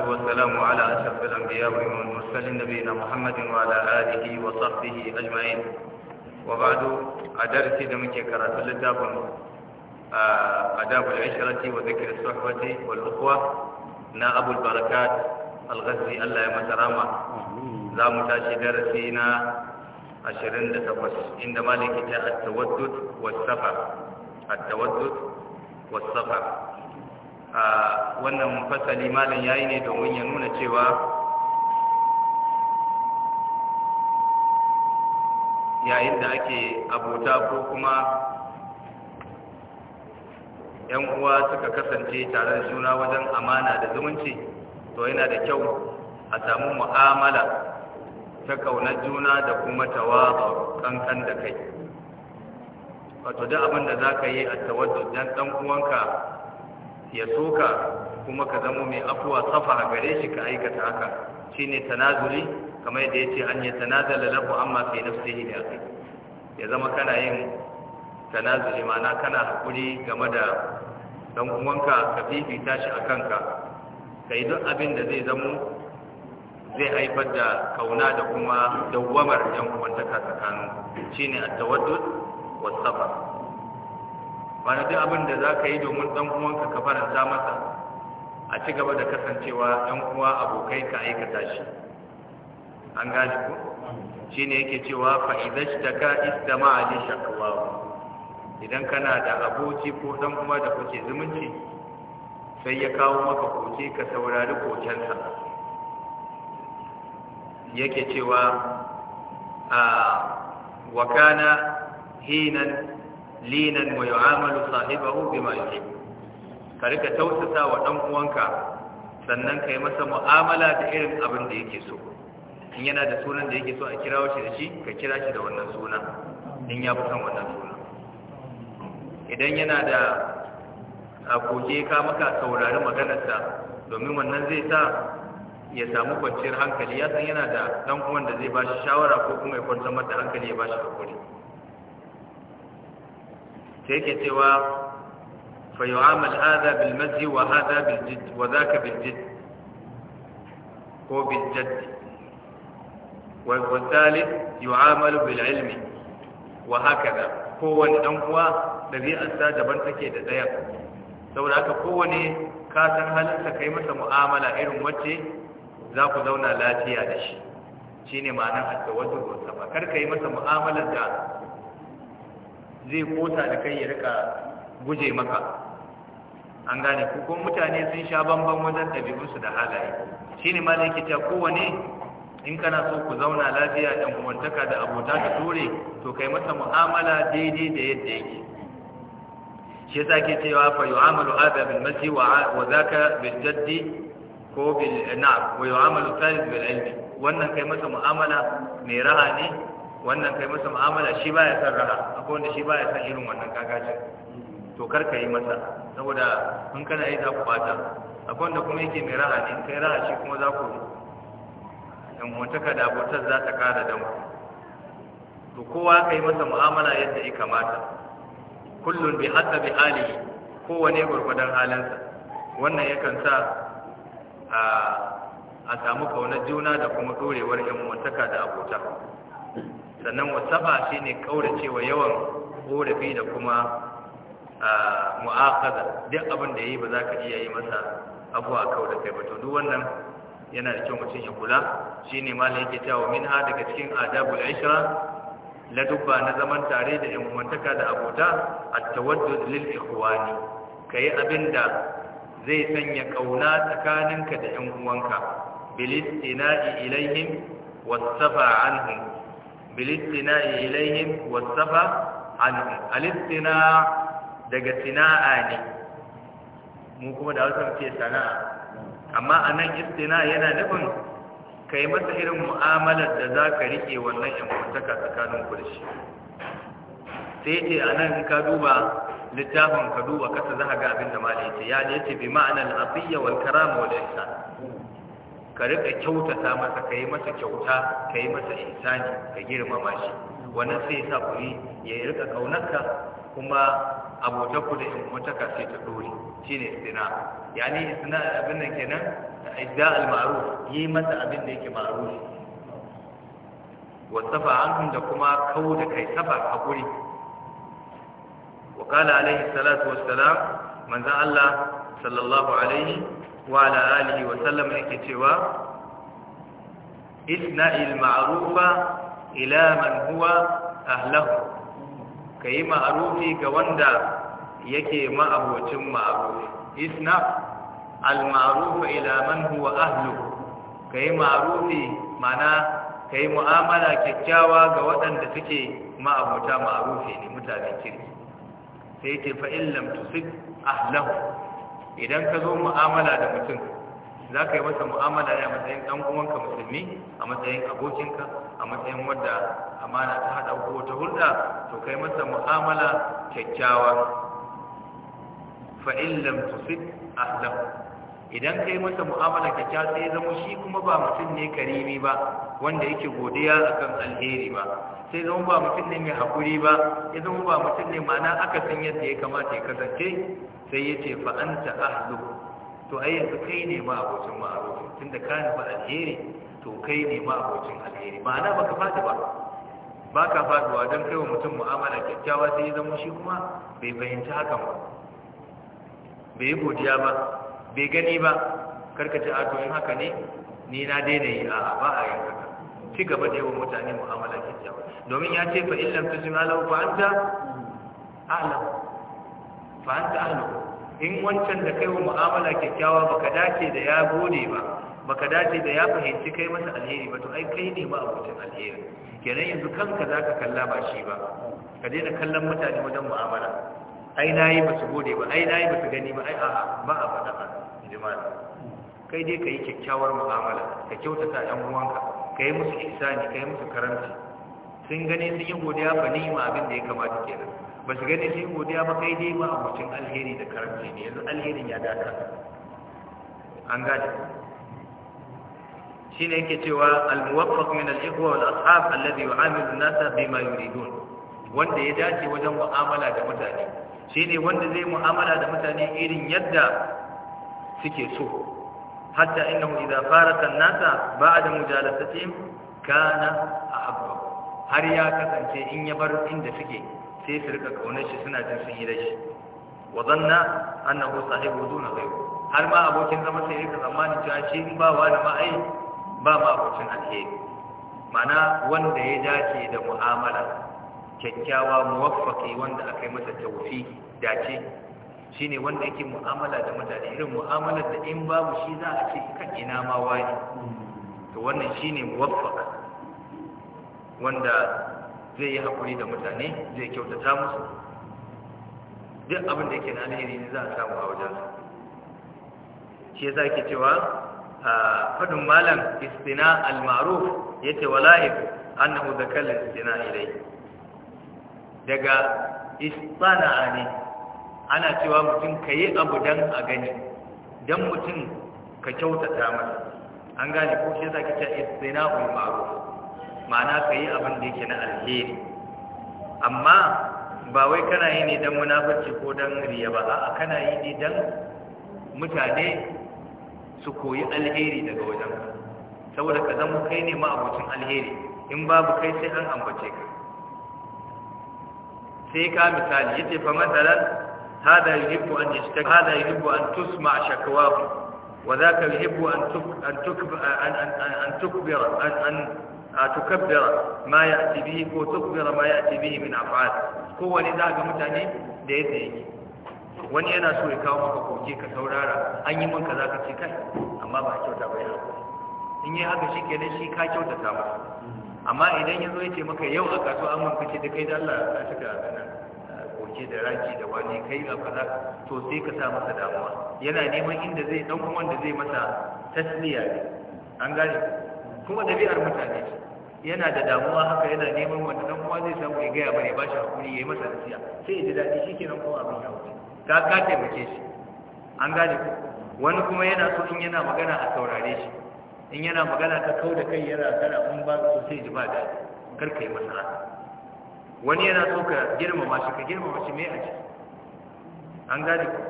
والسلام على أشرف الأنبياء والمرسلين نبينا محمد وعلى آله وصحبه أجمعين وبعد أدرس دمك كرات الكتاب آداب العشرة وذكر الصحبة والأخوة نا أبو البركات الغزي الله يمترامى لا متاشي درسينا عشرين لتقص إن مالك التودد والسفر التودد والسفر wannan fasali malam yayi ne domin ya nuna cewa yayin da ake abota ko kuma yan uwa suka kasance tare da juna wajen amana da zumunci to yana da kyau a samu mu'amala ta kaunar juna da kuma tawaba kankan da kai wato duk abin da za ka yi a tawaddu dan dan uwanka ya soka kuma ka zama mai afuwa safa gare shi ka aikata haka ne tanazuri kamar yadda yace an ya tanazala lafi amma fi nafsihi da akai ya zama kana yin tanazuri mana kana hakuri game da dan uwanka ka fifita shi a kanka Ka yi duk abin da zai zamo zai haifar da kauna da kuma dawwamar yan uwantaka tsakanin ne a tawaddud wasu safa ba na duk abin da za ka yi domin ɗan uwanka ka faranta masa a ci gaba da kasancewa ɗan uwa abokai ka aikata shi an gane ku shi ne yake cewa fa'idash shi ka isa a shakawa idan kana da aboki ko ɗan uwa da kuke zumunci sai ya kawo maka koke ka saurari kokensa yake cewa a wakana hinan linan wa yu'amalu sahibahu bima yuhibbu ka rika tausasa wa dan uwanka sannan kai masa mu'amala da irin abin da yake so in yana da sunan da yake so a kirawo shi da shi ka kira shi da wannan suna in ya fi wannan suna idan yana da aboke ka maka saurari maganarsa domin wannan zai sa ya samu kwanciyar hankali ya san yana da dan uwan da zai ba shi shawara ko kuma ya kwanta mata hankali ya ba shi hakuri sai yake cewa fa yu'amal hadha bil mazhi wa hadha bil jidd wa dhaka bil jidd ko bil jadd wa thalith yu'amalu bil ilmi wa hakaza kowanne dan uwa dabi'arsa daban take da daya saboda haka kowanne ka san halinsa kai masa mu'amala irin wacce za ku zauna lafiya da shi Shi ne ma'anar at-tawaddu wa safa kar yi masa mu'amalar da zai kota da kai ya rika guje maka an gane ko kuma mutane sun sha bamban wajen ɗabi'unsu da halaye shi ne da yake cewa kowane in kana so ku zauna lafiya ɗan uwantaka da abota da ture to kai masa mu'amala daidai da yadda yake shi yasa ke cewa fa amalu hada bil masi? wa za zaka bil jaddi ko bil na wa amalu thalith bil ilmi wannan kai masa mu'amala mai raha ne wannan kai masa mu'amala shi ba ya son raha akwai wanda shi ba ya son irin wannan kakacin to kar ka yi masa saboda in kana yi za ku bata akwai wanda kuma yake mai raha ne kai raha shi kuma za ku in mutaka da abotar za ta kara mu to kowa ka yi masa mu'amala yadda ya kamata kullum bi bi hali kowane gwargwadon halinsa wannan yakan sa a samu kaunar juna da kuma ɗorewar yan mutaka da abota sannan wasaba shi ne cewa yawan korafi da kuma mu'akaza duk abin da ya yi ba za ka iya yi masa abuwa a da ba to duk wannan yana da kyau mutum ya kula shi ne ma yake cewa min ha daga cikin adabul La dubba na zaman tare da yan da abota at-tawaddud lil ikhwani kai abinda zai sanya kauna tsakaninka da yan uwanka bil istina'i ilaihim wasafa anhum بالاستناء إليهم والسفى عنهم الاستناء daga sana'a ne mu kuma da hausa ce sana'a amma a nan istina yana nufin ka yi masa irin mu'amalar da za ka riƙe wannan yamutaka tsakanin ku shi sai ce a nan ka duba littafin ka duba kasa za ga abin da malai ce ya ce bi ma'anar asiyya wal karama wal ihsan ka rika kyautata masa ka yi masa kyauta ka yi masa ihsani ka girmama shi wannan sai sa kuri ya rika kaunarka kuma abotarku da imotaka sai ta dore shine istina yani istina abin nan kenan idda al-ma'ruf yi masa abin da yake ma'ruf wasafa ankum da kuma kawo da kai safa hakuri wa qala alaihi salatu wassalam manzo Allah sallallahu alaihi wa ala alihi wa sallam yake cewa isna'il ma'rufa ila man huwa ahlahu kai ma'rufi ga wanda yake ma'abocin ma'rufi isna al ma'rufa ila man huwa ahluhu kai ma'rufi mana kai mu'amala kyakkyawa ga waɗanda suke ma'abota ma'rufi ne mutanen kirki sai ta fa in lam tusib ahlahu idan ka zo mu'amala da mutum za ka yi masa mu'amala ne a matsayin ɗan uwanka musulmi a matsayin abokinka a matsayin wadda amana ta haɗa ko ta hulɗa to kai masa mu'amala kyakkyawa fa'in lam tusib ahlam idan kai masa mu'amala kyakkyawa sai zama shi kuma ba mutum ne karimi ba wanda yake godiya akan alheri ba sai zama ba mutum ne mai haƙuri ba ya zama ba mutum ne mana aka san yadda ya kamata ya kasance sai ya ce fa’anta anta ahlu to ai yanzu kai ne ma abocin tun da kani ba alheri to kai ne ma abokin alheri ma'ana ka fadi ba ba ka faduwa don kai wa mutum mu'amala kyakkyawa sai ya zama shi kuma bai fahimci hakan ba bai yi godiya ba bai gani ba karkace a to in haka ne ni na daina yi a ba a yanka ci gaba da wa mutane mu'amala kyakkyawa domin ya ce fa illam tusma lahu fa anta a'lam fa anta a'lam in wancan da kai wa mu'amala kyakkyawa baka dace da ya gode ba baka dace da ya fahimci kai masa alheri ba to ai kai ne ma abokin alheri kenan yanzu kanka zaka kalla ba shi ba ka daina kallon mutane wajen mu'amala ai nayi ba su gode ba ai nayi ba su gani ba ai a'a ba a faɗa ba jima'a kai dai ka yi kyakkyawar mu'amala ka kyautata ɗan uwanka ka yi musu isani ka yi musu karamci sun gani sun yi godiya ba ni ma abin da ya kamata ke nan, ba su gani sun yi godiya ba kai dai ma abincin alheri da karamci ne yanzu alherin ya daka an gane shi ne yake cewa almuwaffaq min al-ikhwa wal ashab alladhi yu'amilu an-nasa bima yuridun wanda ya dace wajen mu'amala da mutane shine wanda zai mu'amala da mutane irin yadda suke so hatta innahu idza faraka an-nasa ba'da mujalasatihim kana ahabba har ya kasance in ya bar inda suke sai su rika kaunar shi suna jin sun yi da shi wa zanna annahu sahibu duna ghayr har ma abokin zama sai rika zamanin cewa shi in ba wani ma ai ba ma abokin alheri mana wanda ya dace da mu'amala kyakkyawa muwaffaqi wanda aka yi masa tawfiq dace Shi ne wanda yake mu'amala da mutane irin mu'amalar da in babu shi za a ce kan ina ma wani to wannan shi ne muwaffaq wanda zai yi hakuri da mutane zai kyautata musu duk abin da yake na alheri ne za a samu a wajen shi yasa yake cewa faɗin malam istina al-ma'ruf yace wala'i annahu zakal istina ilai daga istana ne ana cewa mutum ka yi abu don a gani don mutum ka kyautata masa an gane ko shi zaki ta istina ul ma'ruf ma'ana ka yi abin da yake na alheri amma ba wai kana yi ne don munafarci ko don riya ba a'a kana yi ne don mutane su koyi alheri daga wajen saboda ka zama kai ne ma ma'abucin alheri in babu kai sai an ambace ka sai ka misali yace fa matsalar هذا يحب أن يشتكي هذا يحب أن تسمع شكواه وذاك يحب أن أن تكبر أن تكبر أن تكبر ما يأتي به وتكبر ما يأتي به من أفعال هو لذاك متعني ليتيك wani yana so ya kawo maka koke ka saurara an yi manka za ka ce kai amma ba kyauta ba ya in yi haka shi kenan shi ka kyauta ta amma idan ya zo ya ce maka yau a kasuwa an manka da kai da Allah ce da raki da wani kai a kaza to sai ka sa masa damuwa yana neman inda zai ɗauki wanda zai masa tasliya ne an gane kuma ɗabi'ar mutane yana da damuwa haka yana neman wanda ɗan kuma zai samu ya gaya bane ba shi hakuri ya yi masa nasiya sai ya ji daɗi shi nan kuma abin ya wuce ka ka taimake shi an gane wani kuma yana so in yana magana a saurare shi in yana magana ka kau da kai yana kana in ba sosai ji ba kar ka yi masa wani yana so ka girmama shi ka girmama shi mai a ciki an gadi ku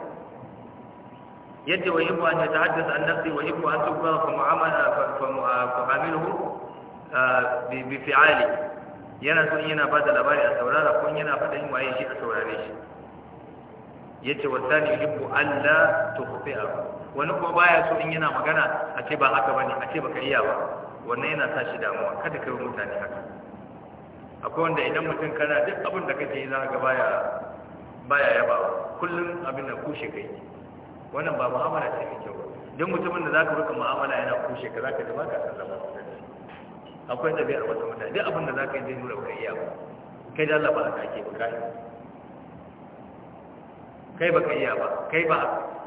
yadda wa yiku an ta haddasa an nafsi wa yiku an tukba fa mu'amala fa mu'amiluhu ah, ah, bi fi'ali yana so yana ba da labari a saurara ko yana yin waye shi a saurare shi yace wa thani yuhibbu alla tukhti'a wani kuma baya so in yana magana a ce ba haka bane a ce baka iya ba wannan yana sa shi damuwa kada kai mutane haka akwai wanda idan mutum kana duk abin da kake yi za ga baya baya yaba kullum abin da kushe kai wannan ba mu'amala ce mai kyau duk mutumin da zaka ruka mu'amala yana kushe ka zaka ji ba ka san zama akwai bai wata mutane duk abin da zaka yi zai nuna kai iya ba kai da Allah ba ka ke ba kai ba kai iya ba kai ba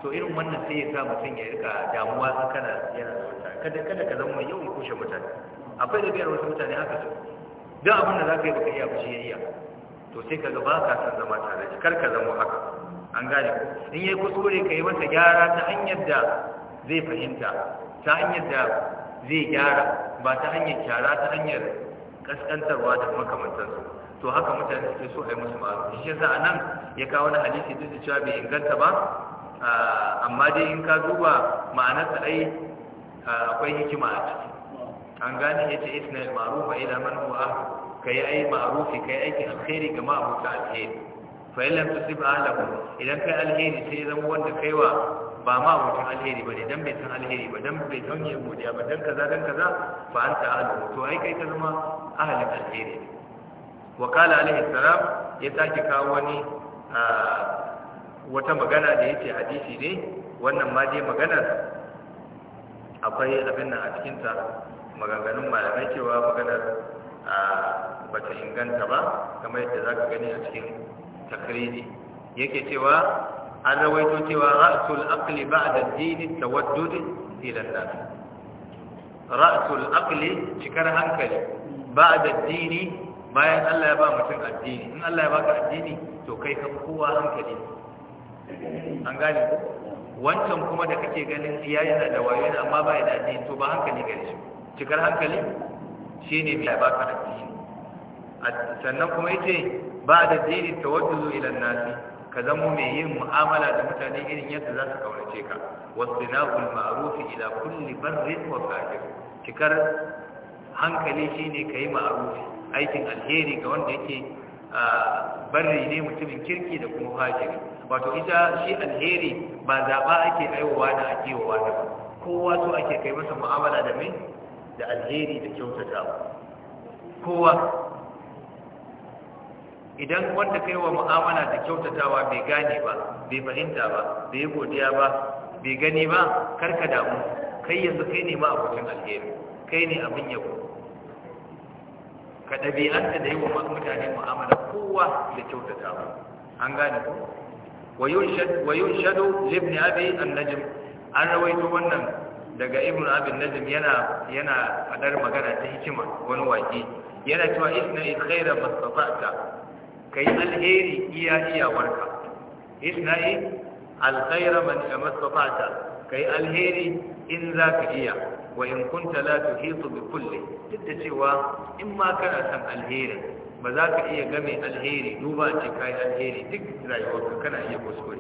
to irin wannan sai ya sa mutum ya rika damuwa kana yana da wata. kada kada ka zama yawan kushe mutane akwai dabi'ar wasu mutane haka su duk abin da za ka yi baka iya ba ya iya to sai ka gaba ka san zama tare da kar ka zama haka an gane ku in yi kuskure ka yi masa gyara ta hanyar da zai fahimta ta hanyar da zai gyara ba ta hanyar kyara ta hanyar kaskantarwa da makamantansu to haka mutane suke so a yi musu ma'azu shi yasa a nan ya kawo wani hadisi duk da cewa bai inganta ba ah, amma dai in ka duba ma'anarsa ai ah, akwai hikima a ciki an gane ya ce isna al-ma'ruf ila man huwa kai ai ma'rufi kai aikin alkhairi ga ma'abuta alheri fa illa tusib alahu idan kai alheri sai zama wanda kaiwa ba ma mutum alheri bane dan bai san alheri ba dan bai san yin godiya ba dan kaza dan kaza fa anta ahlu to ai kai ka zama ahalin alheri wa qala alaihi salam ya sake kawo wani wata magana da yace hadisi ne wannan ma dai maganar akwai abin nan a cikin ta maganganun malamai cewa maganar ba ta inganta ba kamar yadda za ka gani a cikin takriri yake cewa an rawaito cewa ra'asul aqli ba'da ad-din da wadudin an-nas ra'asul aqli cikar hankali ba'da ad-din bayan Allah ya ba mutum addini in Allah ya baka addini to kai kan kowa hankali an gane wancan kuma da kake ganin iya yana da wayo yana amma ba yana addini to ba hankali gani. shi cikar hankali shine mai baka addini sannan kuma yace ba da ta wata zuwa ilan nasi ka zamo mai yin mu'amala da mutane irin yadda za su kaunace ka Wasu wasdina'ul ma'rufi ila kulli barrin wa fajir cikar hankali shine yi ma'arufi, aikin alheri ga wanda yake barri ne mutumin kirki da kuma fajiri wato ita shi alheri ba zaɓa ake aiwawa da akewa da kowa so ake kai masa mu'amala da mai da alheri da kyautatawa kowa idan wanda kai wa mu'amala da kyautatawa bai gane ba bai fahimta ba bai yi godiya ba bai gani ba karka damu kai yanzu kai ne ma abokin alheri kai ne abin yabo ka ɗabi'anta da yi wa mutane mu'amala kowa da kyautatawa an gane ku wa yunshadu libni abi an an rawaito wannan daga ibn abin Najim yana yana fadar magana ta hikima wani waki yana cewa isna in khaira mastata'ta kai alheri iya iyawarka isna in alkhaira man mastata'ta kai alheri in za ka iya wa in kunta la tuhitu bi kulli duk da cewa in ma kana san alheri ba za ka iya game alheri duba ce kai alheri duk rayuwarka kana iya kuskure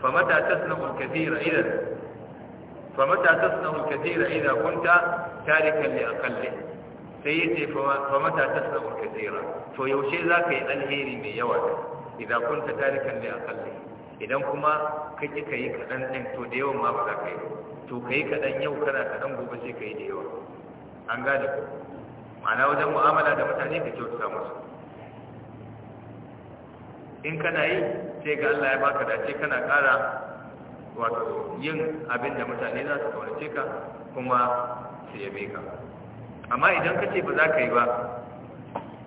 fa mata tasna'u kathira idan فمتى تصنع الكثير إذا كنت تاركا لأقله سيدي فمتى تصنع الكثير فيوشي ذاك الهيري من يوعد إذا كنت تاركا لأقله idan kuma kake kai kadan din to da yawan ma ba za ka yi to kai kadan yau kana kadan gobe sai kai da yawa an gane ku ma'ana wajen mu'amala da mutane ka kyautata musu in kana yi sai ga Allah ya baka dace kana kara wato yin abin da mutane za su kaunace ka kuma su yabe ka amma idan ka ce ba za ka yi ba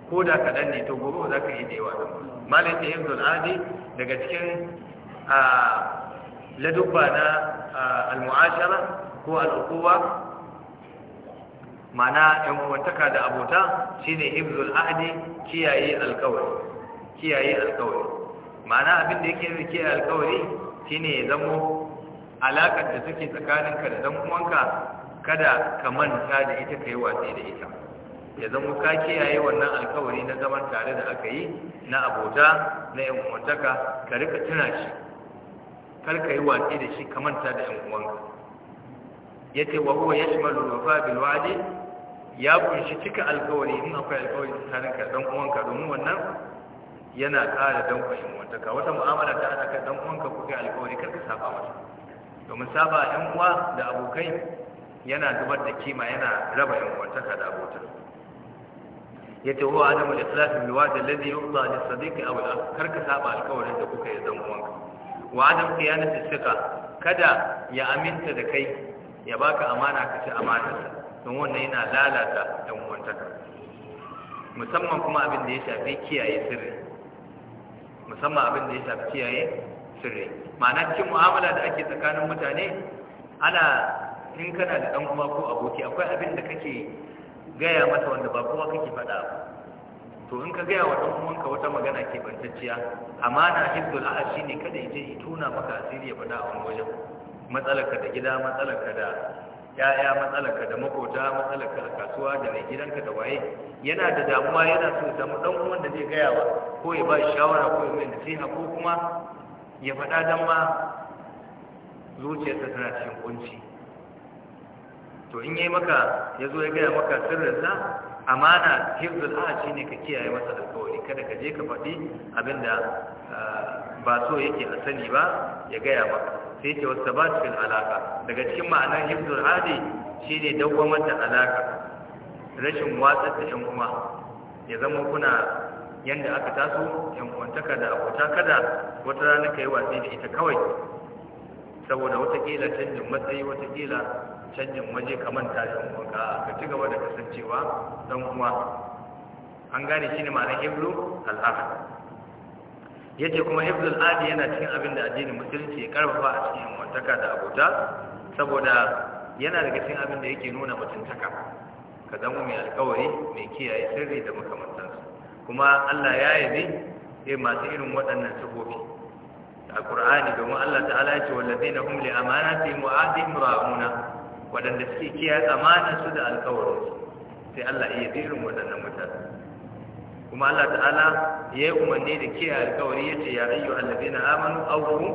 ko da kaɗan ne to gobe ba za ka yi da yawa malin ta yin zul'adi daga cikin ladubba na al-mu'ashara ko al'ukuwa mana yan uwantaka da abota shi ne ahdi kiyaye alkawari kiyaye alkawari mana abin da yake kiyaye alkawari ne ya zamo alaƙar da suke tsakaninka da dan uwanka kada ka manta da ita ka yi watsi da ita ya zamo ka kiyaye wannan alkawari na zaman tare da aka yi na abota na yan uwantaka ka rika tuna shi kar ka yi watsi da shi ka manta da yan uwanka ce wa huwa yashmalu wafa bil wa'di ya kunshi cika alkawari in akwai alkawari tsakaninka da dan uwanka domin wannan yana ƙara danƙon wantaka wata mu'amala ta haɗa kan ɗan'uwanka ko kai alƙawari kar ka saba masa domin saba 'yan uwa da abokai yana zubar da kima yana raba wantaka da abokan ce wa adamu al-ikhlas min da alladhi yu'ta lis-sadiq aw al-akh kar ka saba alƙawarin da kuka yi dan uwanka wa adam da thiqa kada ya aminta da kai ya baka amana ka ci amanarsa don wannan yana lalata dan uwantaka musamman kuma abin da ya shafi kiyaye sirri musamman abin da ya shafi kiyaye sirri ma'ana cikin mu'amala da ake tsakanin mutane ana in kana da ɗan uwa ko aboki akwai abin da kake gaya masa wanda ba kowa kake faɗa to in ka gaya wa ɗan uwanka wata magana ke bantacciya amana hibdul a'a ne kada ya je ya tona maka asiri ya faɗa a wani wajen matsalarka da gida matsalarka da ya'ya matsalarka da makota matsalaka da kasuwa da mai gidanka da waye yana da damuwa yana so ya samu dan uwan da zai gaya wa ko ya ba shawara ko ya mai nasiha ko kuma ya faɗa dan ma zuciyarsa tana cikin kunci to in yayi maka ya zo ya gaya maka sirrinsa amana hifzul a ne ka kiyaye masa alƙawari kada ka je ka faɗi abinda ah, ba so yake a sani ba ya gaya maka sai ce wasu sabat fil alaka daga cikin ma'anar hibzul hadi ne dawwamar da alaƙa. rashin watsar da yan uwa ya zama kuna yadda aka taso yan uwantaka da abota kada wata rana ka yi watsi da ita kawai saboda watakila canjin matsayi watakila canjin waje kamar tashin wanka ka ci gaba da kasancewa don uwa an gane shi ne ma'anar hibzul al'ahad yace kuma hifdul adi yana cikin abin da addinin musulunci ya karfafa a cikin wantaka da abota saboda yana daga cikin abin da yake nuna mutuntaka ka zama mai alkawari mai kiyaye sirri da makamantansu kuma Allah ya yabe sai masu irin waɗannan sifofi a Qur'ani domin Allah ta'ala ya ce wallazina hum li amanatihim wa ahdihim ra'una waɗanda suke kiyaye amanar da alkawarin sai Allah iya yabe irin waɗannan mutane kuma Allah ta'ala ya yi umarni da kiyaye alkawari ya ce ya ayyu allazina amanu auku'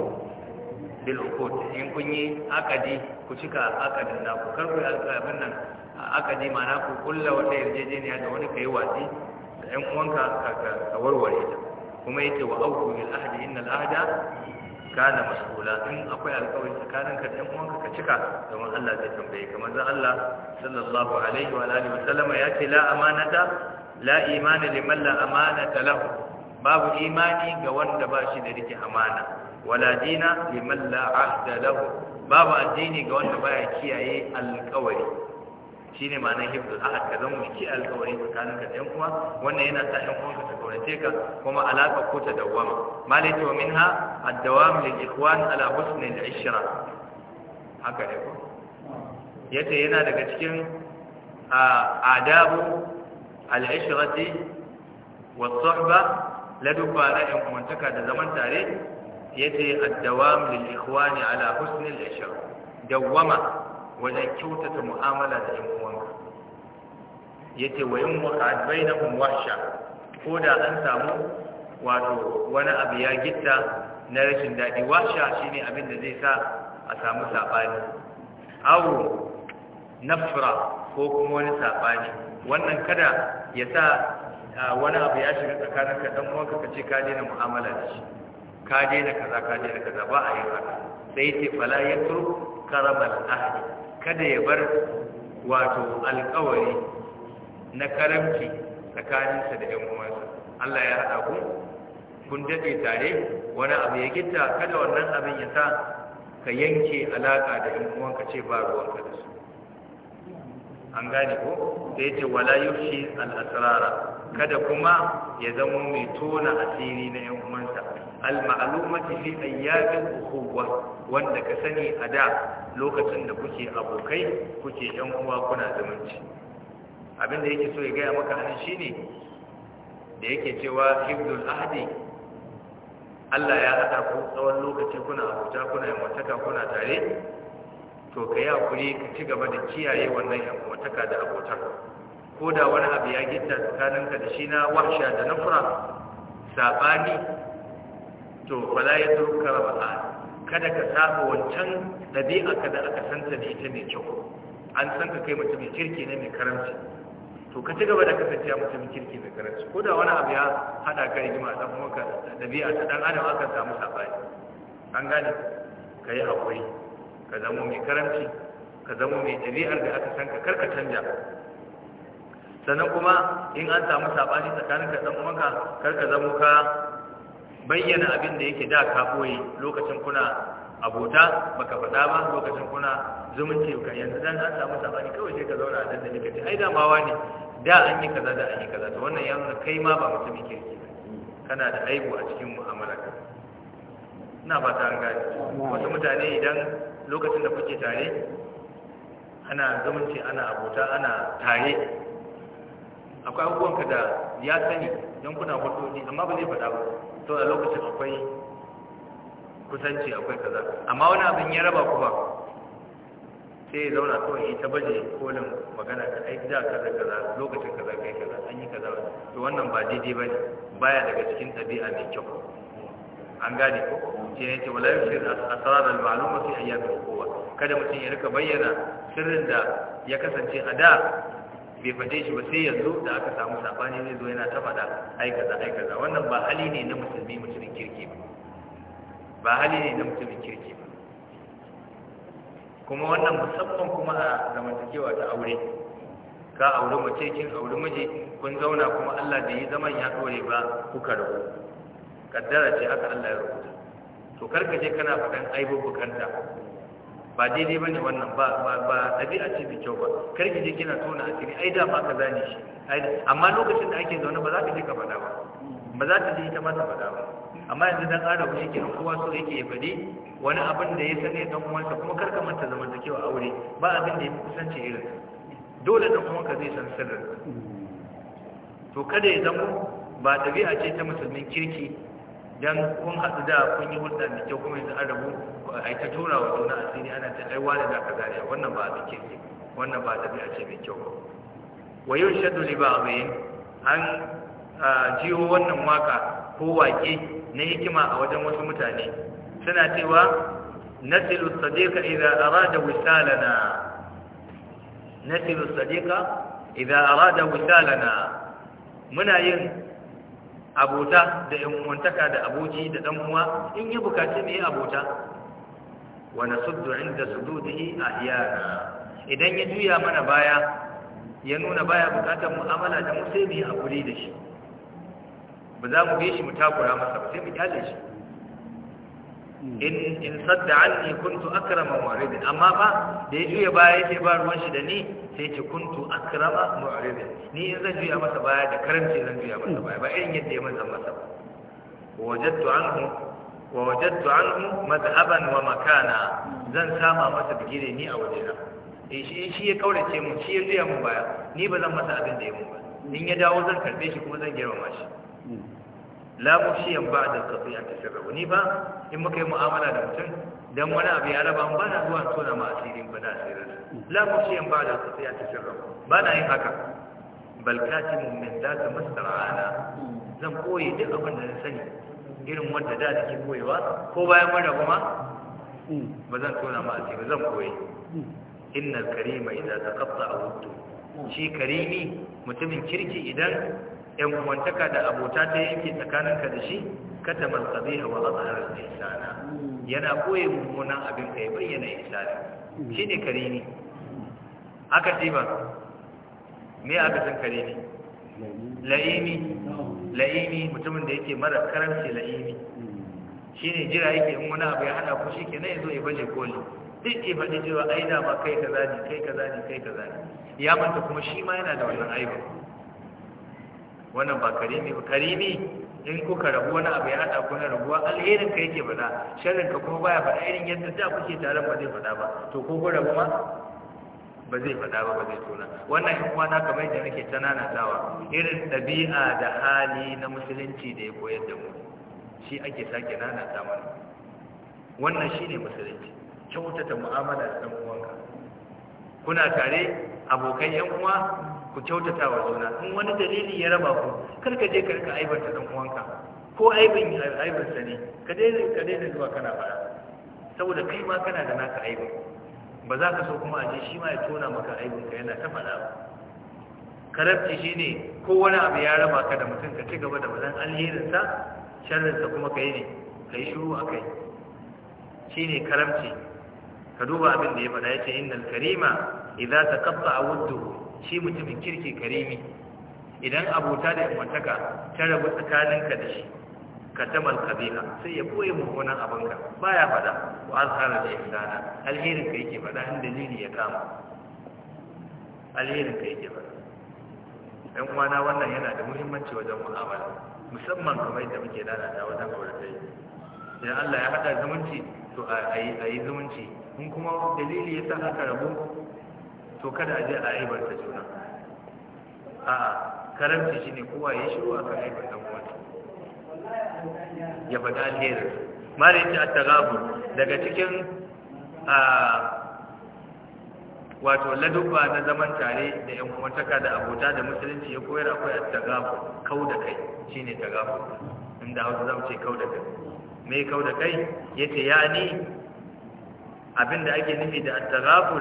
bil uqud in kun yi akadi ku cika akadin na ku karku alkawarin nan akadi ma na ku kulla wata yarjejeniya da wani kai wasi da 'yan uwanka ka warware ta kuma yace wa awfu bil ahdi innal ahda kana mas'ula in akwai alkawari tsakaninka da ƴan uwanka ka cika domin Allah zai tambaye kamar zan Allah sallallahu alaihi wa alihi wa sallama ya ce la amanata la imana liman la amanata lahu babu imani ga wanda ba shi da rike amana wala dina liman la ahda lahu babu addini ga wanda baya kiyaye alƙawari shine ma'anar Hibdu ahad ka zama ki alƙawari tsakanin ka ɗan kuma wannan yana sa ɗan uwanka ta kaurace ka kuma alaƙa ko ta dawwama malai to min ad-dawam lil ikhwan ala husn al-ishra haka ne ko yace yana daga cikin ah, adabu al'ishirati wasuhba ladufa na yan kumantaka da zaman tare ya ce addawam lil ikhwani ala husnil ishir dawwama wajen kyautata mu'amala da yan uwanka ya ce wa yin waka'ad bainahum wahsha ko da an samu wato wani abu ya gitta na rashin daɗi washa shi ne abin da zai sa a samu saɓani awo nafra ko kuma wani saɓani wannan kada ya sa wani abu ya shiga tsakanin ka dan wanka ka ce ka daina mu'amala da shi ka daina kaza ka daina kaza ba a yin haka sai ce fala ya turu karamal ahli kada ya bar wato alƙawari na karamci tsakaninsa da ƴan uwansa Allah ya haɗa ku kun daɗe tare wani abu ya gitta kada wannan abin ya sa ka yanke alaƙa da ƴan uwanka ce ba ruwanka da su an gane ko sai ce wala yushi al asrara kada kuma ya zama mai tona asiri na yan uwansa al ma'lumati fi ayyamin ukhuwa wanda ka sani a da lokacin da kuke abokai kuke yan uwa kuna zumunci abin da yake so ya gaya maka shi shine da yake cewa hibdul ahdi Allah ya haɗa ku tsawon lokaci kuna abuta kuna yin kuna tare to ka yi hakuri ka ci gaba da kiyaye wannan abotaka da abotar ko da wani abu ya gitta tsakaninka da shi na wahsha da nufura saɓani to fala ya turka a kada ka saba wancan ɗabi'a ka da aka santa da ita mai kyau an san ka kai mutum mai kirki ne mai karamci to ka ci gaba da kasance mutum kirki mai karamci ko da wani abu ya haɗa ka rigima kuma ka ɗabi'a ta ɗan adam aka samu saɓani an gane ka yi hakuri ka zama mai karanci ka zama mai ɗabi'ar da aka san ka karka canja sannan kuma in an samu saɓani tsakanin ka zama maka karka zama ka bayyana abin da yake da ka koyi lokacin kuna abota baka faɗa ba lokacin kuna zumunci ka yanzu dan an samu sabani kawai sai ka zauna a dandali ka ce ai da mawa ne da an yi kaza da an yi kaza to wannan ya nuna kai ma ba mutum yake ba kana da aibu a cikin mu'amalar ina ba ta an gani wasu mutane idan lokacin da kuke tare ana zamanci ana abota ana tare akwai abubuwanka da ya sani don kuna ne amma ba zai faɗa ba to a lokacin akwai kusanci akwai kaza amma wani abin ya raba ku ba sai ya zauna kawai ya ta baje kolin magana ta aiki da kaza kaza lokacin kaza kai kaza an yi kaza to wannan ba daidai ba ne baya daga cikin ɗabi'a mai kyau an gane ko shi ne ce wala yusir asrar al ma'luma fi ayyam al quwa kada mutum ya rika bayyana sirrin da ya kasance a da bai fade shi ba sai yanzu da aka samu sabani zai zo yana ta fada ai kaza ai kaza wannan ba hali ne na musulmi mutumin kirki ba ba hali ne na mutumin kirki ba kuma wannan musamman kuma a zamantakewa ta aure ka aure mace kin aure miji kun zauna kuma Allah da yi zaman ya dore ba kuka rabu kaddara ce haka Allah ya rubuta to karka je kana faɗan aibubukanta ba daidai ba ne wannan ba ba ba ce mai kyau ba kar ki je kina tona asiri ai da ma kaza ne shi amma lokacin da ake zaune ba za ka je ka faɗa ba ba za ta je ita ma ta faɗa ba amma yanzu dan adam shi ke kowa so yake ya faɗi wani abin da ya sani dan uwansa kuma kar ka manta kewa aure ba abin da ya fi kusanci irin dole kuma ka zai san sirrin to kada ya zama ba ɗabi'a ce ta musulmin kirki dan kun haɗu da kun yi hulɗa da kyau kuma yanzu an rabu a ta tura wa juna asiri ana ta wani da za ka zariya wannan ba abin kirki wannan ba a ce mai kyau ba wa yau shaddu li ba abin an jiwo wannan waka ko wake na hikima a wajen wasu mutane suna cewa nasilu sadiqa idza arada wisalana nasilu sadiqa idza arada wisalana muna yin abota da yan uwantaka da aboki da dan uwa in ya bukaci mai abota wa nasuddu inda sududihi ahyana idan ya juya mana baya ya nuna baya bukatar mu'amala da mu sai mu yi hakuri da shi ba za mu bi shi mu takura masa ba sai mu kyale shi in in sadda anni kuntu akrama mu'ridin amma ba da ya juya baya yace ba ruwan shi da ni sai ce kuntu akrama mu'ridin ni in zan juya masa baya da karanci zan juya masa baya ba irin yadda ya manza masa ba wajadtu anhu wa wajadtu anhu madhaban wa makana zan sama masa bigire ni a wajena eh shi shi ya kaurace mu shi ya juya mu baya ni ba zan masa abin da ya mu ba in ya dawo zan karbe shi kuma zan girma shi la bushiyan ba da kafi a rabu ni ba in muka yi mu'amala da mutum dan wani abu ya raba ba na zuwa tona ma asirin ba na asirin la bushiyan ba da kafi a rabu ba na yin haka bal katimun min zata mastara'ana zan koyi duk abin da na sani irin wanda da ke koyewa ko bayan mun rabu ma ba zan tona ma asiri zan koyi innal karima idza a wuto shi karimi mutumin kirki idan yan uwantaka da abota ta yanke tsakaninka da shi kata masabiha wa azhar al-ihsana yana koyi mummunan abin kai bayyana ihsani shine karimi aka ce ba me aka san karimi laimi laimi mutumin da yake mara karamci laimi shine jira yake in wani abu ya hada ku ke yazo ya baje koli duk ke faɗi cewa ai da ma kai kaza ne kai kaza ne kai kaza ne ya manta kuma shi ma yana da wannan aibin wannan ba karimi ba karimi in kuka rabu wani abu ya haɗa kuna rabuwa alherin ka yake faɗa sharrin ka kuma baya faɗa irin yadda da kuke tare ba zai faɗa ba to ko ku rabu ma ba zai faɗa ba ba zai tona wannan yan na kamar yadda nake ta nanatawa irin ɗabi'a da hali na musulunci da ya koyar da mu shi ake sake nanata mana wannan shi ne musulunci kyautata mu'amala da ɗan uwanka kuna tare abokan yan uwa ku kyautata wa juna in wani dalili ya raba ku kar ka je karka aibanta dan uwanka ko aibin aibinsa ne ka daina ka daina zuwa kana fara saboda kai ma kana da naka aibin ba za ka so kuma a je shi ma ya tona maka aibin ka yana ta faɗa ba karabci shi ne ko wani abu ya raba ka da mutum ka ci gaba da sa sharrin sa kuma ka yi ne ka yi shuru a shi ne karamci ka duba abin da ya faɗa ya ce innal karima idza taqatta'a wudduhu shi mutumin kirki karimi idan abota da mutaka ta rabu tsakaninka da shi ka tamal kabila sai ya boye mummunan abinka baya fada an tsara da ihsana alherin ka yake fada inda dalili ya kama alherin ka yake fada ɗan uwana wannan yana da muhimmanci wajen mu'amala musamman kamar yadda muke lalata wajen yi idan Allah ya haɗa zumunci to a yi zumunci in kuma dalili ya sa aka rabu to kada a je a aibarta juna a'a karamci shine kowa ya shi wa kan aibar dan uwansa ya faɗa alheri Mara ta a tagabu daga cikin a wato ladubba na zaman tare da yan uwantaka da abota da musulunci ya koyar akwai a tagabu kau da kai shine tagabu inda hausa za ce kau da kai mai kau da kai yace ni? abinda ake nufi da at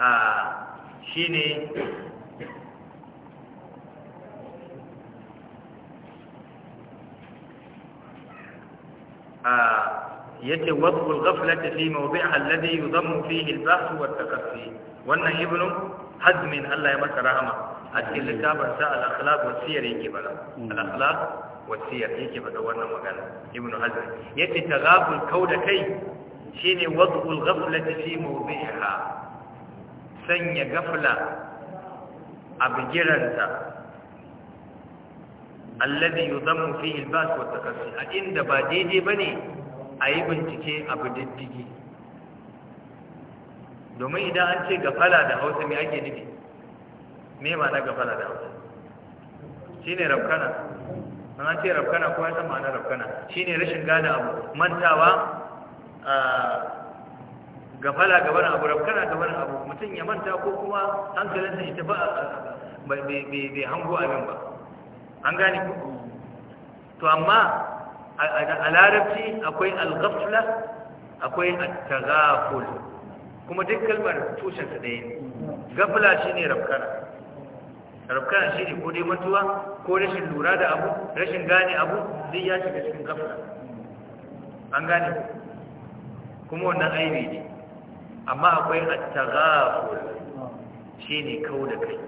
a shine yace wasful ghaflati fi mawdi'iha alladhi yudammu fihi al-bahth wa at wannan ibnu hazm Allah ya masa rahama a cikin littafin sa al-akhlaq wa siyar yake bada mm. al wa siyar yake bada wannan magana ibnu hazm yace tagabul kauda kai shine wasful ghaflati fi mawdi'iha sanya gafla a bigiranta allazi yuzammu fihi albas wa takassi a inda ba daidai bane a yi bincike a diddigi domin idan an ce gafala da hausa me ake nufi me ma na gafala da hausa shine rabkana an an ce rabkana ko ya san ma'anar rabkana shine rashin gane abu mantawa ah, gafala gaban abu rafkana gaban abu mutum ya manta ko kuma hankalinsa ita ba bai hango abin ba an gane ku to amma a larabci akwai al-ghafla akwai at-taghaful kuma duk kalmar tushen ta ɗaya ne gafala shine rafkana rafkana shine ko dai mutuwa ko rashin lura da abu rashin gane abu zai ya shiga cikin gafala an gane kuma wannan aibi ne amma akwai at Shi ne kawo da kai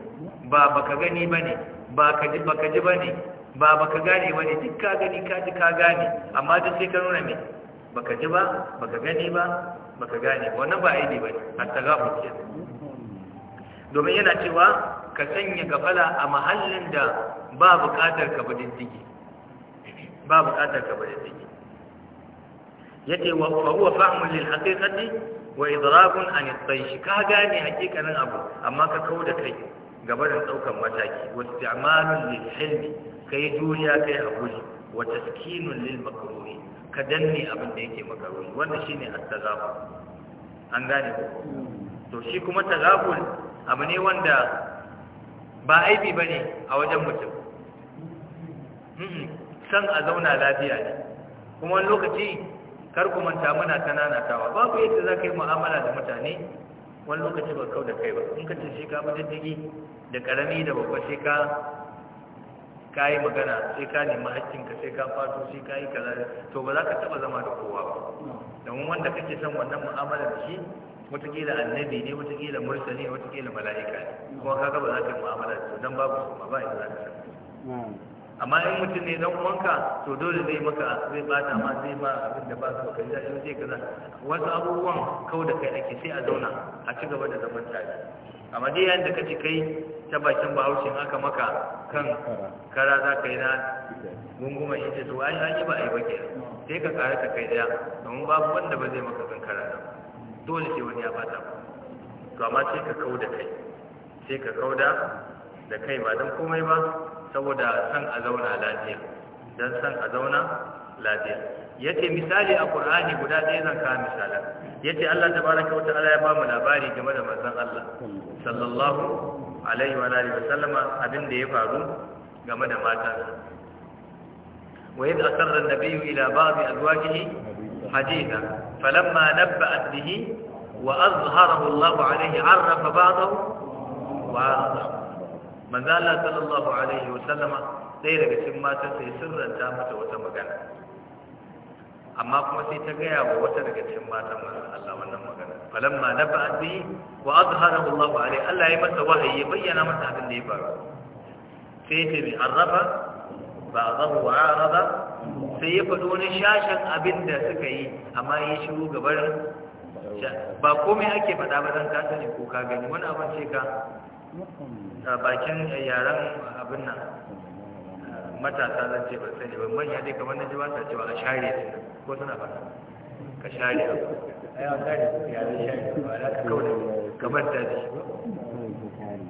ba baka gani ne ba ka ji baka ji bane ba baka gane ne duk ka gani ka ji ka gane amma duk sai ka nuna Ba baka ji ba baka gani ba baka gane ba wannan ba ne a at-taghaful domin yana cewa ka sanya gafala a mahallin da ba buƙatar ka ba diddigi ba buƙatar ka ba diddigi yake wa huwa fahimun lil haqiqati wa idrabun an tsaishi ka gane hakikanin abu amma ka kau da kai gaba da daukan mataki wa isti'malun lil hilmi kai juriya kai hakuri wa taskinun lil makruhi ka danne abin da yake makruhi wannan shine at-tagabun an gane ko to shi kuma tagabun abu ne wanda ba aibi bane a wajen mutum san a zauna lafiya ne kuma lokaci kar ku manta muna tawa babu yadda za ka yi mu'amala da mutane wani lokaci ba kau da kai ba in ka shi ka madaddigi da karami da babba sai ka ka yi magana sai ka nemi hakkinka sai ka fato sai ka yi kaza to ba za ka taba zama da kowa ba domin wanda kake son wannan mu'amala da shi watakila annabi ne watakila mursali ne watakila mala'ika ne kuma kaga ba za ka yi mu'amala da su dan babu ba ba za ka san amma in mutum ne don wanka to dole zai maka zai ta ma zai ba abin da ba su kai da in zai kaza wasu abubuwan kawai da kai ake sai a zauna a ci gaba da zaman tare amma dai yayin da ci kai ta bakin bahaushe aka maka kan kara za ka yi na gunguman ce to ai an yi ba yi ba ke sai ka kare ta kai daya domin babu wanda ba zai maka kan kara da dole sai wani ya ta to amma sai ka da kai sai ka kauda da kai ba don komai ba saboda san a zauna lafiya don san a zauna lafiya Ya ce misali a Qur'ani guda ɗaya zan kawo misala Ya ce Allah Ta tabaraka wa ta'ala ya ba mu labari game da manzon Allah sallallahu alaihi wa alihi wa sallama abin da ya faru game da matansa وإذ أسر النبي إلى بعض أزواجه حديثا فلما wa به Allah الله عليه عرف بعضه وعرضه manzo sallallahu alaihi wa sallama sai daga cikin matan sai sirranta mata wata magana amma kuma sai ta gaya wa wata daga cikin matan manzo Allah wannan magana falamma naba'at bi wa azharahu Allah alaihi Allah ya masa wahayi ya bayyana masa abin da ya faru sai ta bi arrafa ba'dahu wa arada sai ya faɗo ne shashin abin da suka yi amma ya shiru gabar ba komai ake faɗa ba zan ka sani ko ka gani wani abin sai ka a bakin yaren abin nan matasa zan ce ban sani ban manya dai kamar na ji ba ta cewa a share su ko suna ba ka share ba ai an tare ku ya zai share ba za ka da kamar ta da shi ba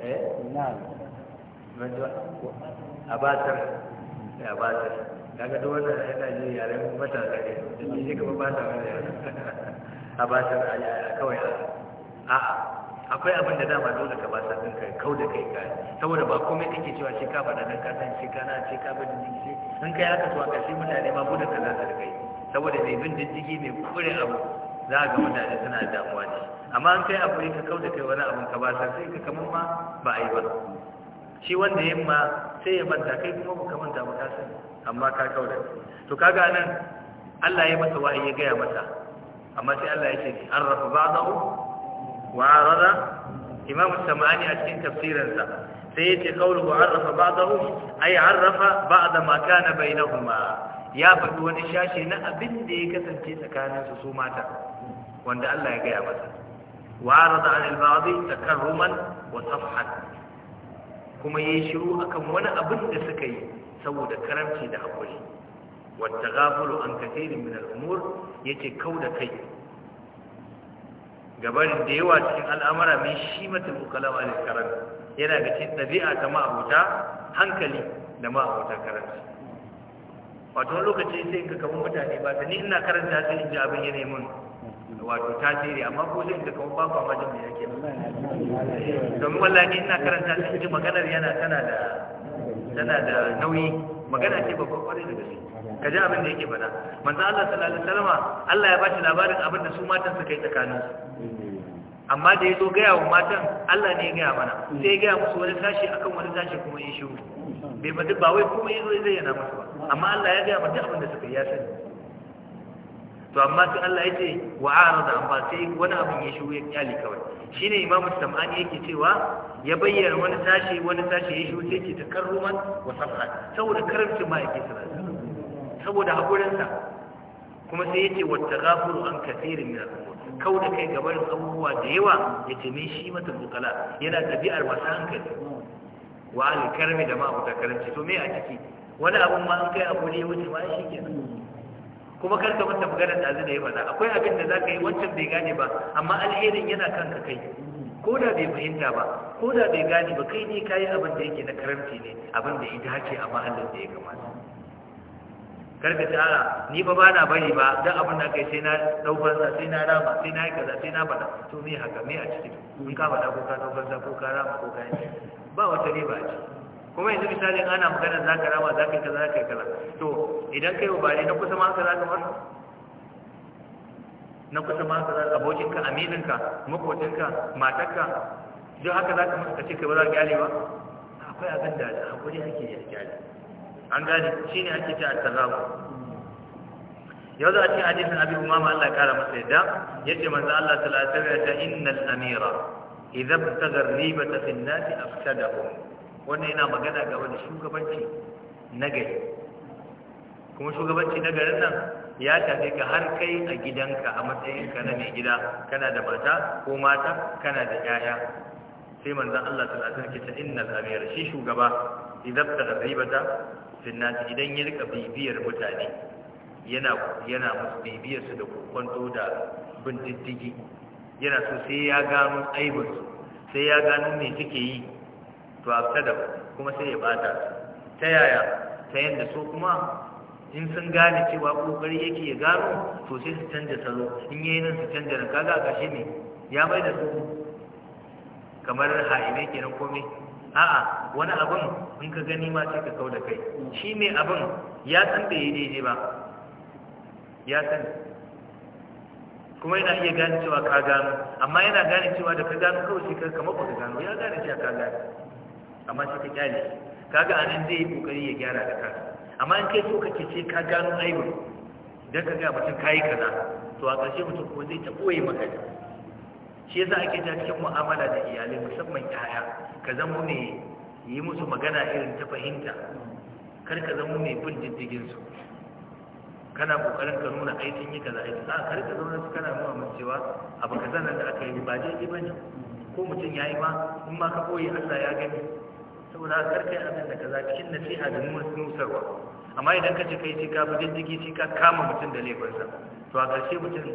eh ban ji ba a batar a batar kaga duk da yana ji yaren matasa ne da shi kamar ba ta wani yaren a batar kawai a a'a akwai abin da dama dole ka ba sa din kai kau da kai kai saboda ba komai kake cewa shi ka faɗa dan ka san shi kana ce ka bi shi in kai haka so aka shi mutane ma buɗe ka za da kai saboda mai bin diddigi mai kure abu za a ga mutane suna damuwa ne amma an kai abu ka kau da kai wani abin ka ba sa sai ka kamar ma ba a yi ba shi wanda yin ma sai ya manta kai kuma ba ka manta ba ka sani amma ka kau da to kaga nan Allah ya masa wa'ayi ya gaya masa amma sai Allah ya ce an rafa ba'dahu wa imam samani a cikin tafsirinsa sai yace qawluhu arrafa ba'dahu ay mata na ma kana bainahuma ya faɗi wani shashe na abin da ya kasance tsakanin su su mata wanda Allah ya gaya masa wa arada an al-ba'dhi takarruman wa safhan kuma yayi shiru akan wani abun da suka yi saboda karamci da hakuri wa tagafulu an kathirin min al-umur yace da kai gaban da yawa cikin al'amura min shi bukala ukalama ne karanta yana ga cikin ɗabi'a ta ma'abuta hankali da ma'abuta karanta wato lokaci sai ka kama mutane ba ta ni ina karanta sai in ji abin yanayi mun wato tasiri amma ko zai ka kuma ba kwamma jin mai yake domin wallahi ni ina karanta sai in ji maganar yana tana da tana da nauyi magana ce babban kwarai da gaske ka ji abin da yake faɗa manzo Allah sallallahu alaihi wasallam Allah ya bashi labarin abin da su matan suka yi tsakanin amma da ya zo gaya wa matan Allah ne ya gaya mana sai ya gaya musu wani tashi akan wani tashi kuma ya shiru bai ba ba wai kuma ya zo zai yana musu ba amma Allah ya gaya mata abin da suka yi ya sani to amma sai Allah ya ce wa arada amma sai wani abin ya shiru ya kyali kawai shine imamu sam'ani yake cewa ya bayyana wani tashi wani tashi ya shiru sai ke takarruman wa safra saboda karamcin ma yake sallallahu saboda haƙurinsa kuma sai yace wata gafuru an kafirin min kau da kai gaban abubuwa da yawa ya ce shi mata bukala yana ɗabi'ar masu hankali wa an karmi da ma'abuta karanci to me a ciki wani abun ma an kai abu ne wuce ma shi ke kuma kar ka mata da ɗazu da ya ba, akwai abin da za ka yi wancan bai gane ba amma alherin yana kanka kai ko da bai fahimta ba ko da bai gane ba kai ne ka yi abin da yake na karanci ne abin da ya dace a mahallin da ya kamata Karfe ce ni ba ba na bari ba duk abin da kai sai na daukar sa sai na rama sai na yi kaza sai na bada to me haka me a ciki in ka bada ko ka daukar sa ko ka rama ko ka yi ba wata riba a ce. kuma yanzu misalin ana magana za ka rama za ka yi kaza za ka yi kaza to idan kai ubare na kusa ma haka za ka mar na kusa ma ka za ka abokinka amininka makotinka matarka duk haka za ka masa ka ce kai ba za ka gyale ba akwai abin da hakuri ake yi gyale an gane shi ne ake ce at-tazawu yau za a ce hadisin abin umama Allah ya kara masa yadda ya ce manzo Allah talatar ya ta innal amira idan ta garriba ta finnati afsadahu wannan yana magana game da shugabanci na gari kuma shugabanci na garin nan ya tafi ka har kai a gidanka a matsayinka na mai gida kana da mata ko mata kana da 'ya'ya sai manzo Allah talatar ke ta innal amira shi shugaba idan ta garriba ta finnasi idan ya rika bibiyar mutane yana yana musu bibiyar su da kwanto da bin diddigi yana so sai ya gano aibin su sai ya gano me suke yi to afsada kuma sai ya bata ta yaya ta yanda so kuma in sun gane cewa kokari yake ya gano to sai su canja salo in yayi nan su canja nan kaga kashe ne ya bai da su kamar haine kenan komai a'a wani abin in ka gani ma sai ka kau da kai shi mai abin ya san bai yi daidai ba ya san kuma yana iya gane cewa ka gano amma yana gane cewa da ka gano kawai shi ka kama ba ka gano ya gane cewa ka gano amma shi ka kyale shi kaga anan zai yi kokari ya gyara da kansa amma in kai so ka ce ka gano aibin don ka ga mutum ka yi kaza to a ƙarshe mutum kuma zai ta koyi maka shi yasa ake ta cikin mu'amala da iyalai musamman yaya ka zamo ne yi musu magana irin ta fahimta kar ka zamo mai bin diddigin su kana kokarin ka nuna ai sun yi kaza ai a kar ka zauna su kana nuna mun cewa abu kaza nan da aka yi ba je ba ne ko mutum ya yi ma in ma ka koyi Allah ya gani saboda kar kai abin da kaza cikin nasiha da nusarwa amma idan ka ce kai shi ka bi diddigi shi ka kama mutum da laifinsa to a ƙarshe mutum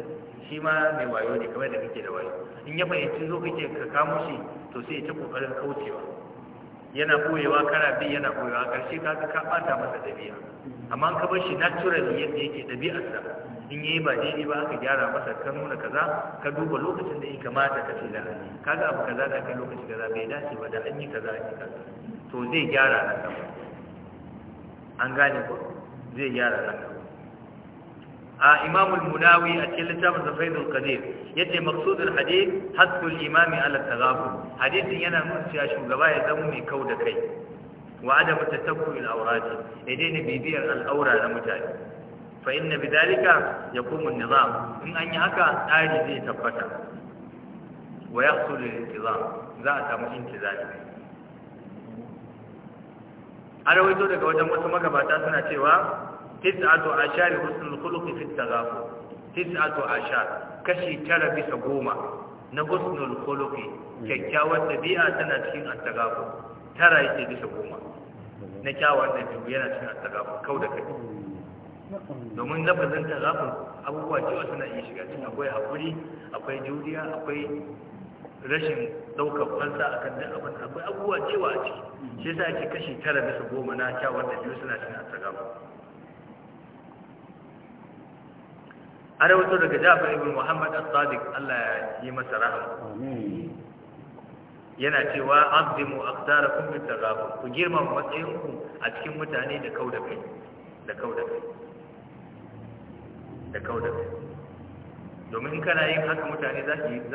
shi ma mai wayo ne kamar da kake da wayo in ya fahimci zo kake ka kamo shi to sai ya ta kokarin kaucewa yana koyewa kara bi yana koyewa karshe ka ka bata masa dabi'a amma ka bar shi naturally yadda yake sa in yayi ba daidai ba aka gyara masa ka nuna kaza ka duba lokacin da ya kamata ka ce da kaga abu kaza da kai lokaci kaza bai dace ba da an yi kaza a yi kaza to zai gyara nan gaba an gane ko zai gyara nan gaba a Imamul al-munawi a cikin littafin zafaidul qadir ya maqsudul hadith hasbul imami ala taghafur yana nuna cewa shugaba ya zama mai kau da kai wa adamu tatakkuri al-awrat idan ne bibiyar al-awra na mutane fa inna bidalika yakumu an-nizam in an yi haka tsari zai tabbata wa yahsul al-intizam za a samu intizami a rawaito daga wajen wasu magabata suna cewa ato ashar husnul khuluq fi tagafu tis'atu ashar kashi tara bisa goma na husnul khuluq kyakkyawar dabi'a tana cikin ta tagafu tara yake bisa goma na kyawar dabi'u yana cikin ta tagafu kau da kai domin lafazin tagafu abubuwa cewa suna iya shiga cikin akwai hakuri akwai juriya akwai rashin daukar fansa a kan duk abin abubuwa cewa a ciki shi yasa ake kashi tara bisa goma na kyawar da suna cin a tagafu an rawaito daga Jabir ibn Muhammad as-Sadiq Allah ya yi masa rahama yana cewa azimu kun bit tagabun ku girma matsayinku a cikin mutane da kau da kai da kauda kai da kauda kai domin kana yin haka mutane za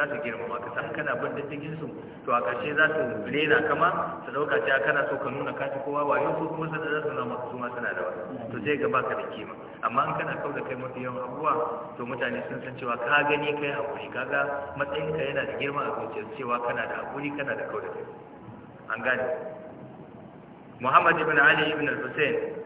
su girma, ka san kana bin diddigin su to a ƙarshe za su rena kama su ɗauka cewa kana so ka nuna kaci kowa wayo su kuma sanar da su na masu suma, suna da wani to sai gaba ka da kima amma in kana da kai mafi yawan abuwa. to mutane sun san cewa ka gani kai haƙuri kaga matsayinka yana da girma a zuciyar cewa kana da haƙuri kana da da kai an gane Muhammad ibn Ali ibn al husayn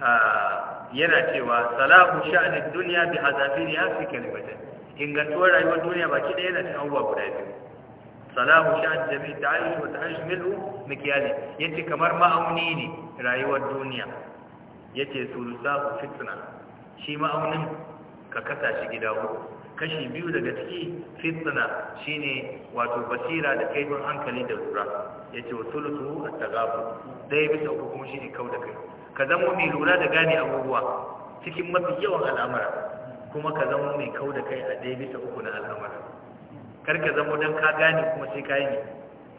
ah, yana cewa salahu sha'anid dunya bi hazafiriha fi kalimatin ingantuwar rayuwar duniya baki ɗaya yana cikin abubuwa guda biyu salahu sha'an ta ta'ayyu wa ta'ayyu milu mikiyali yace kamar ma'auni ne rayuwar duniya yace sulusahu fitna shi ma'aunin ka kasa shi gida hudu? kashi biyu daga ciki fitna shine wato basira da kaifin hankali da lura yace wa sulusu at-tagabun dai bisa uku kuma shine kauda kai ka zama mai lura da gane abubuwa cikin mafi yawan al'amura kuma ka zama mai kau da kai a ɗaya bisa uku na al'amura kar ka zama don ka gane kuma sai ka yi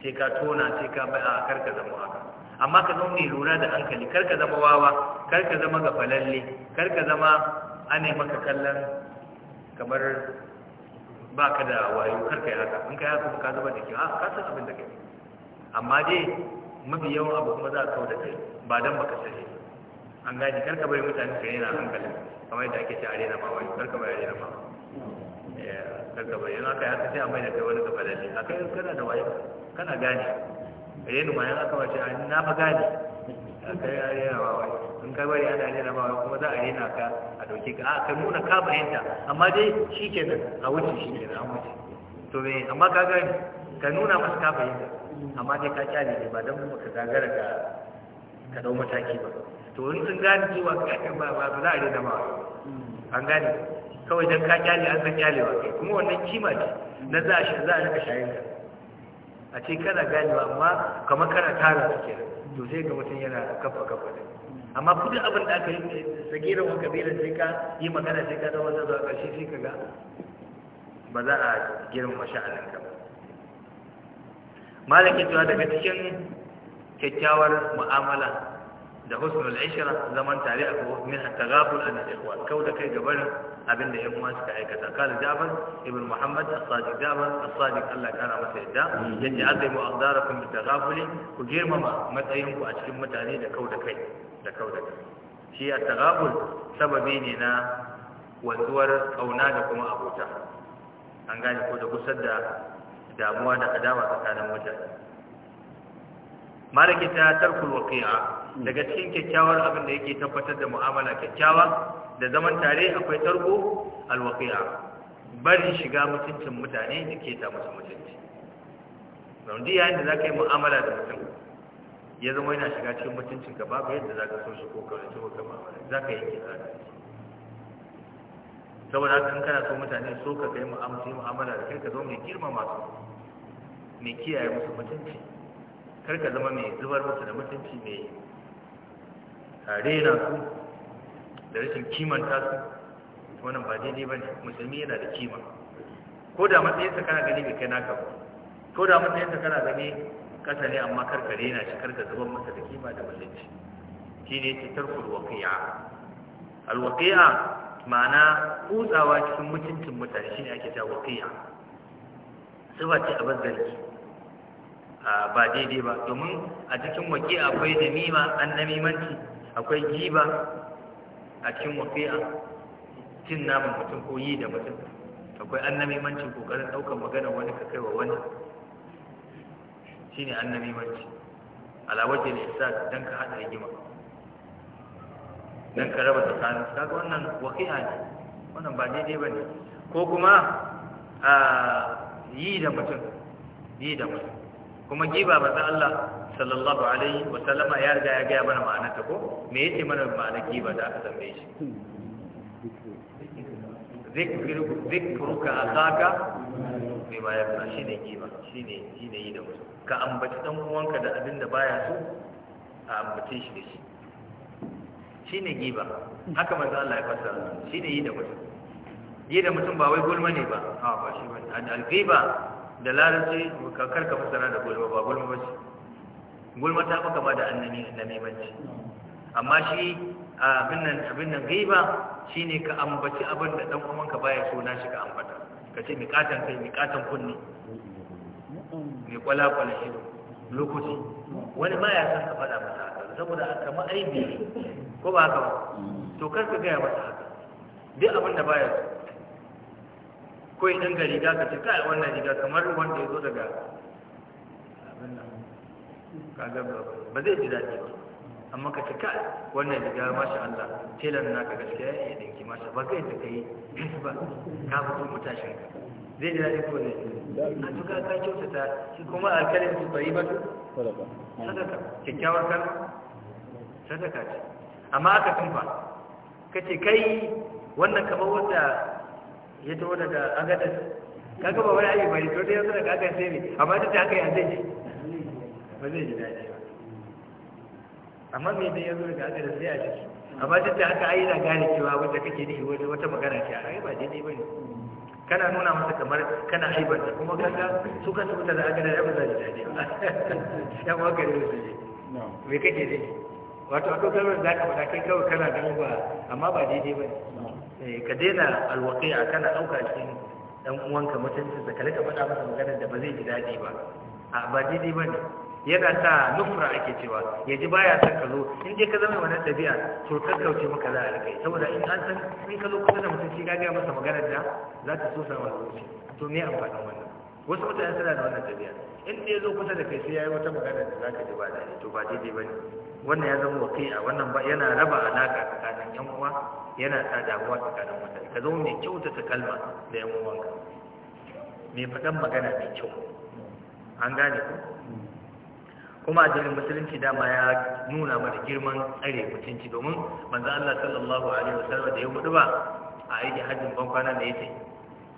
sai ka tona sai ka ba a kar ka zama haka amma ka zama mai lura da hankali kar ka zama wawa kar ka zama ga falalle, kar ka zama ana maka kallon kamar ba ka da wayo kar ka yi haka in ka yi haka ka zama da kyau ka san abin da kai amma dai mafi yawan abu kuma za a kau da kai ba don baka sani an gaji karka bai mutane ka yana hankalin kamar yadda ake cewa rena ba wani karka bai yana ba eh, karka bai yana kai haka sai a mai kai wani gaba da A kai kana da waye kana gane rena ma yana kawai ce na fa A kai ya na ba wani in kai bari ana rena ba wani kuma za a na ka a dauke ka a ka nuna ka fahimta. amma dai shi nan a wuce shi kenan an wuce to me amma ka gani? ka nuna masa ka bayanta amma dai ka kyale ne ba don ka zagara ka ka dau mataki ba to wani sun gane cewa ba ba za a rena ba. an gane kawai don ka kyale an san kyalewa kai kuma wannan kima ce na za a shi za a rika shayin ka a ce kana ba amma kamar kana tara su ke to sai ga mutum yana kafa kafa ne. amma kudin abin da aka yi eh, tsagirar wa kabilar sai ka yi magana sai ka zama ka ƙarshe sai ka ga ba za a girma sha'anin ka ba malakin cewa daga cikin kyakkyawar mu'amala da husnul ishra zaman tare a ko min tagabul an ikhwan kau da kai gabar abin da ƴan uwa suka aikata kala jabal ibn Muhammad as-Sadiq jabal as-Sadiq Allah kana masa yadda yace azimu aqdarakum bi tagabuli ku girmama matsayin ku a cikin mutane da kau da kai da kau da kai shi at-tagabul sababi ne na wanzuwar kauna da kuma abota an gane ko da gusar da damuwa da adawa tsakanin mutane malaki ta tarkul waqi'a daga cikin kyakkyawar abin da yake tabbatar da mu'amala kyakkyawa da zaman tare akwai tarko alwaqi'a bari shiga mutuncin mutane da ke ta musu mutunci don duk yayin da za ka yi mu'amala da mutum ya zama yana shiga cikin mutuncin ka babu yadda za ka so shi ko kawai ta baka mu'amala za ka yi kira saboda haka in kana so mutane so ka kai mu'amala da kai ka zo mai girma masu mai kiyaye musu mutunci kar ka zama mai zubar musu da mutunci mai rena su da rashin kimanta su wannan ba daidai ba ne musulmi yana da kima ko da matsayinsa kana gani bai kai naka ba ko da matsayinsa kana gani kasa ne amma karka rena shi karka zuban masa da kima da musulunci shi ne ce tarkul waqi'a al waqi'a ma'ana kutsawa cikin mutuncin mutane shine ake ta waqi'a sifa ce a bazzarki ba daidai ba domin a cikin waƙi akwai namima an namimanci akwai giba a cikin wafi'a cin naman mutum ko yi da mutum akwai annamimancin kokarin ɗaukar maganar wani ka kai wa wani shine annamimanci ala wajhi al-ihsan don ka hada rigima don ka raba tsakanin kaga wannan waqi'a ne wannan ba daidai ne ko kuma ah, yi da mutum yi da mutum kuma giba ba za Allah sallallahu alaihi wa sallama ya riga ya gaya mana ma'ana ta ko me yace mana ma'ana giba da aka tambaye shi ka azaka me ba ya fara shine giba shi ne yi da wasu ka ambaci dan uwanka da abin da baya so a ambace shi da shi Shi ne giba haka manzo Allah ya fassara ne yi da mutum yi da mutum ba wai gulma ne ba a ba shi ba al-ghiba da larabci ka karka fassara da gulma ba gulma ba shi gulma ta fi kama da annabi namimanci amma shi abin nan abin nan gaiba shine ka ambaci abin da dan ka baya so na shi ka ambata ka ce miƙatan kai miƙatan kunni mai kwalakwala shi lokaci wani ma ya san ka faɗa masa haka saboda kamar aibi ko ba ka ba to kar ka gaya masa haka duk abin da baya so ko idan ga riga ka ce kai wannan riga kamar wanda ya zo daga abin nan ba zai ji daɗi ba amma ka cika wannan riga mashi Allah telan naka gaskiya ya dinki mashi ba kai da kai ba ka fito mutashin ka zai ji daɗi ko ne a tuka ka kyautata shi kuma alkalin su bai ba sadaka kyakkyawar kan sadaka ce amma aka tumfa ka ce kai wannan kamar wanda ya taho daga agadar kaga ba wani ayi bari to dai yanzu daga agadar sai ne amma ta ta haka ya zai ba zai ji daɗi ba amma mai da ya zo daga aka da sai a ji amma duk da aka ayyana gane cewa wanda kake nihi wani wata magana ce a ba daidai ba ne kana nuna masa kamar kana aibanta kuma kaga su ka tuta da aka da ya ba ji daɗi ba ya ba gari su je me kake ne wato akwai kalmar za ka faɗa kai kawai kana gani ba amma ba daidai ba ne eh, ka daina alwaƙi a kana ɗauka cikin ɗan uwanka mutuncin da ka faɗa masa maganar da ba zai ji daɗi ba a ba daidai ba ne yana sa nufra ake cewa ya ji baya son ka zo in dai ka zama wannan tabi'a to kakkauce maka za a rika saboda in an san in ka zo kuma da mutum shi ka gaya masa maganar da za ta so sama wuce to me amfanin wannan wasu mutane suna da wannan tabi'a in dai zo kusa da kai sai yi wata magana da za ka ji ba da to ba daidai ne. wannan ya zama a wannan ba yana raba alaka tsakanin yan uwa yana sa damuwa tsakanin mutane ka zama mai kyautata kalma da yan uwanka mai faɗan magana mai kyau an gane ku kuma addinin musulunci dama ya nuna mana girman tsare mutunci domin manzo Allah sallallahu alaihi wasallam da ya gudu ba a aiki hajjin ban kwana da yace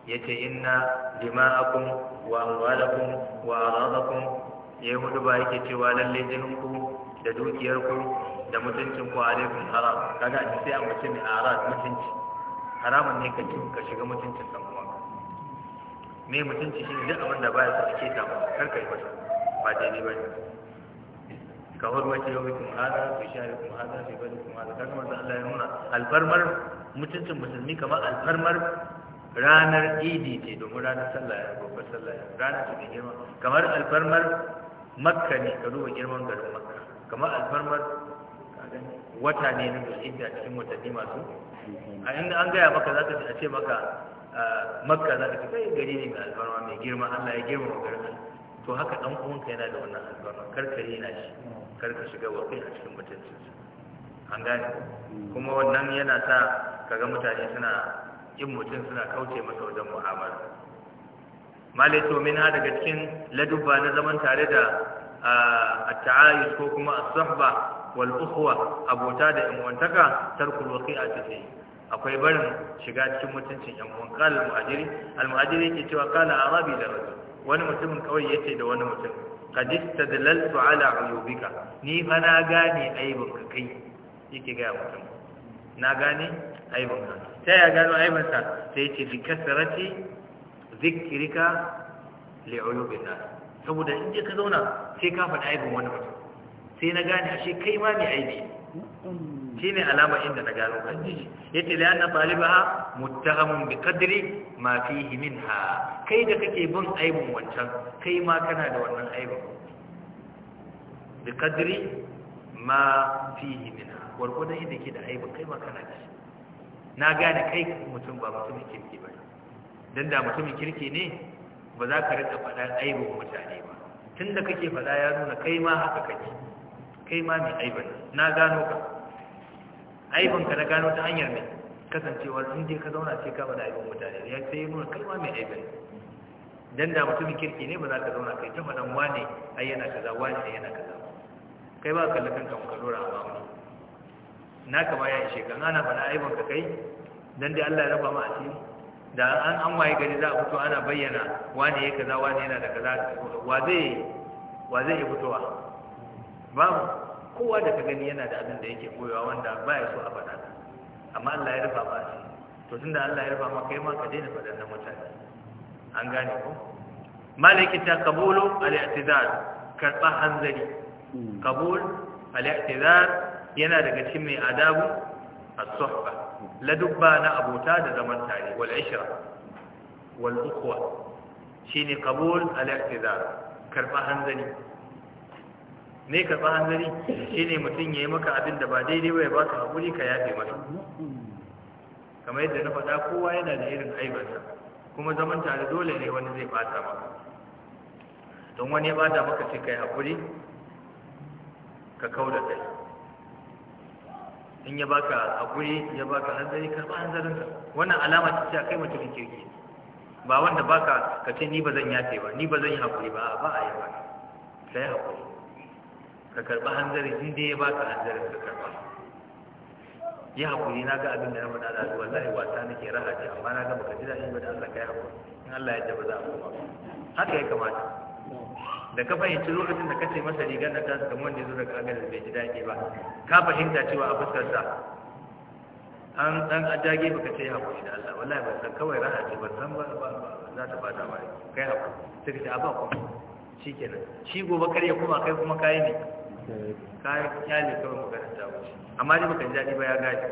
yace inna dima'akum wa amwalakum wa aradakum ya gudu ba yake cewa lalle jinin da dukiyarku da mutuncin ku alaikum haram kaga a sai a mutum ne arad mutunci haramun ne ka ka shiga mutuncin dan uwa me mutunci shine duk abin da baya sa ake ta karkai masa ba ne ba ka hormace yau bikin hada fi shari kuma hada fi bari kuma hada kamar manzo Allah ya nuna alfarmar mutuncin musulmi kamar alfarmar ranar idi ce domin ranar sallah ya babbar sallah ya ranar ce mai girma kamar alfarmar makka ne ka duba girman garin makka kamar alfarmar wata ne na zulhijja cikin watanni masu a inda an gaya maka za ka ce maka ah, makka za ka ce kai gari ne mai alfarma mai girma Allah ya girma garin to haka ɗan uwanka yana da wannan alfarma karka na shi karka shiga wa kai a cikin mutuncinsa an gane kuma wannan yana sa kaga mutane suna yin mutum suna kauce masa wajen mu'amala malai to min daga cikin ladubba na zaman tare da a taayus ko kuma a sahba wal ukhuwa abota da yan wantaka tarkul a fi akwai barin shiga cikin mutuncin yan uwan al-muhajiri al-muhajiri yake cewa kana arabi da rajul wani mutumin kawai ya ce da wani mutum qad istadlaltu ala uyubika ni fa na gane aibin ka kai yake ga mutum na gane aibin ka ta ya gano aibin sa sai ce bi ka, zikrika li uyubina saboda in ka zauna sai ka faɗi aibin wani mutum sai na gane ashe kai ma ne aibi Shi ne alama inda na gano kan shi yace la anna talibaha muttahamun bi kadiri ma fi himin ha. kai da kake bin aibin wancan kai ma kana da wannan aibin bi kadiri ma fi fihi minha gurgudan inda ke da aibin kai ma kana da shi na gane kai mutum ba mutumin kirki ba don da mutumin kirki ne ba za ka rika faɗa aibin mutane ba tunda kake faɗa ya nuna kai ma haka kake kai ma mai aibin na gano ka ka na gano ta hanyar mai kasancewar in je ka zauna sai ka da aibin mutane ya sai yi kalma mai aibin dan da mutumin kirki ne ba za ka zauna kai ta faɗan wane ai yana kaza wane yana kaza kai ba kalli kanka ka lura ba mu na ka ya ishe kan ana faɗa aibin ka kai dan dai Allah ya raba ma asiri da an an waye gari za a fito ana bayyana wane ya kaza wane yana da kaza wa zai wa zai fitowa babu kowa da ka gani yana da abin da yake koyawa wanda baya so a faɗa amma Allah ya rufa ba shi to tunda Allah ya rufa ma kai ma ka daina faɗa na mutane an gane ko malaki ta kabulu al-i'tizar karba hanzari kabul al-i'tizar yana daga cikin mai adabu as-suhba ladubba na abota da zaman tare wal ishra wal ukhwa shine kabul al-i'tizar karba hanzari ne ka tsahan gari ne mutum ya yi maka abin da ba daidai ba ya baka haƙuri ka yafe masa kamar yadda na faɗa kowa yana da irin aibarsa kuma zaman tare dole ne wani zai ɓata maka don wani ya ɓata maka sai ka yi haƙuri ka kau da kai in ya baka haƙuri ya baka hanzari hanzarin ka wannan alama ce a kai mutumin kirki ba wanda baka ka ce ni ba zan yafe ba ni ba zan yi haƙuri ba ba a yi ba sai haƙuri ka karɓi hanzarin dai ya baka hanzarin ka karɓa yi haƙuri na ga abin da na faɗa da zuwa zai wasa nake raha ce amma na gama ka ji daɗin ba da Allah yi haƙuri in Allah ya ba za a koma haka ya kamata da ka fahimci lokacin da kace masa rigar na tasu kamar wanda ya zo daga agajin bai ji daɗi ba ka fahimta cewa a fuskarsa an ɗan ajage ka ce haƙuri da Allah wallahi ba san kawai raha ce ba. san ba za ta bata ba kai haƙuri sai ka ce a ba ku shi kenan shi gobe kar ya koma kai kuma kayi ne ka ne kawai magana ta wuce amma dai baka ji daɗi ba ya gane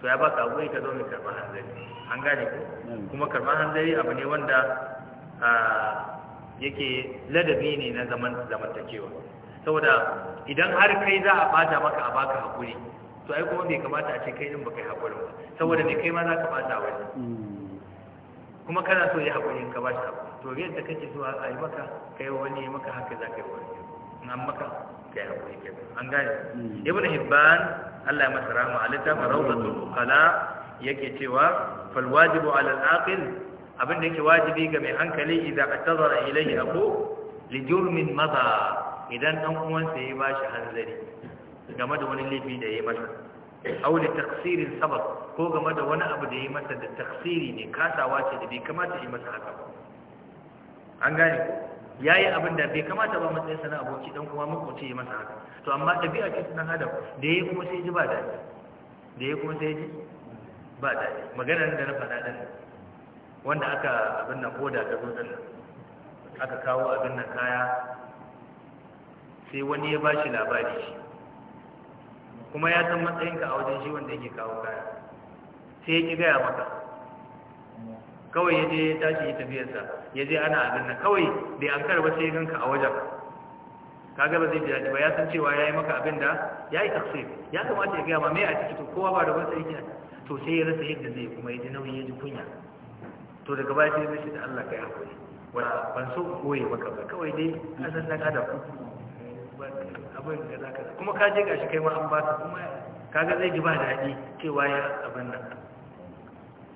to ya baka abu ka zo mai karɓar hanzari an gane ko kuma karɓar hanzari abu ne wanda yake ladabi ne na zaman zamantakewa saboda idan har kai za a ɓata maka a baka hakuri to ai kuma bai kamata a ce kai din baka yi hakuri ba saboda ne kai ma za ka bata wani mm. kuma kana so ya hakuri ka bashi abu to yadda kake so a yi maka kai wani maka haka za ka yi wani in an maka kai hakuri ke an gane hmm. ibn hibban Allah ya masa rahama a littafin yake cewa fal wajibu ala al abin da yake wajibi ga mai hankali idan atazara ilayhi li jurmin madha idan dan ya bashi hanzari game da wani laifi da ya masa aw li taqsirin sabab ko game da wani abu da ya masa da taqsiri ne kasawa ce da bai kamata ya masa haka ba an ko ya yi abin da bai kamata ba matsayin sana aboki don kuma makwace ya masa haka to amma ɗabi'a ce ɗan hada da ya yi kuma sai ji ba daɗi da ya kuma sai ji ba daɗi maganar da na faɗa ɗin wanda aka abin nan ko da ta zo ɗin aka kawo abin nan kaya sai wani ya ba shi labari shi kuma ya san matsayinka a wajen shi wanda yake kawo kaya sai ya ƙi gaya maka kawai ya je ya tashi ya tafiyarsa ya je ana abin na kawai bai an karba sai ganka a wajen kaga ba zai ji daɗi ba ya san cewa ya yi maka abin da ya yi taksir ya kamata ya gaya ma mai a ciki to kowa ba da wata yake to sai ya rasa yadda zai kuma ya ji nauyi ya ji kunya to daga baya sai zai da Allah kai hakuri wala ban so koye maka ba kawai dai asan dan adam abin da zaka kuma ka je gashi kai ma an ba ka kuma kaga zai ji ba daɗi cewa ya abin nan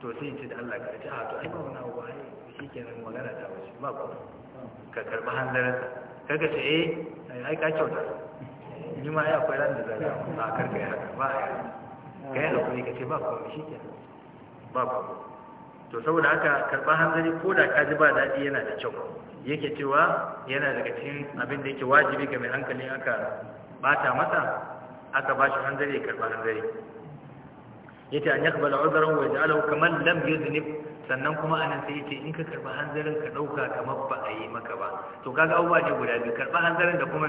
to sai ce da Allah ka ci a ah, to ai ba wani abu ai shi kenan magana ta wuce ba ko ka karba hanzarinsa kaga ce eh ai ka kyauta ni ma ya akwai ran da zai ba karka kai haka ba ka yi hakuri ka ce ba komai shi kenan ba komai to saboda haka karɓar hanzari ko da ka ji ba daɗi yana da kyau yake cewa yana daga cikin abin da yake wajibi ga mai hankali aka bata masa aka ba shi hanzari ya karɓa hanzari yace an yakbala udran wa yaj'alahu kaman lam yuznib sannan kuma anan sai yace in ka karba hanzarin ka dauka kamar ba a yi maka ba to kaga abubuwa ne guda biyu karba hanzarin da kuma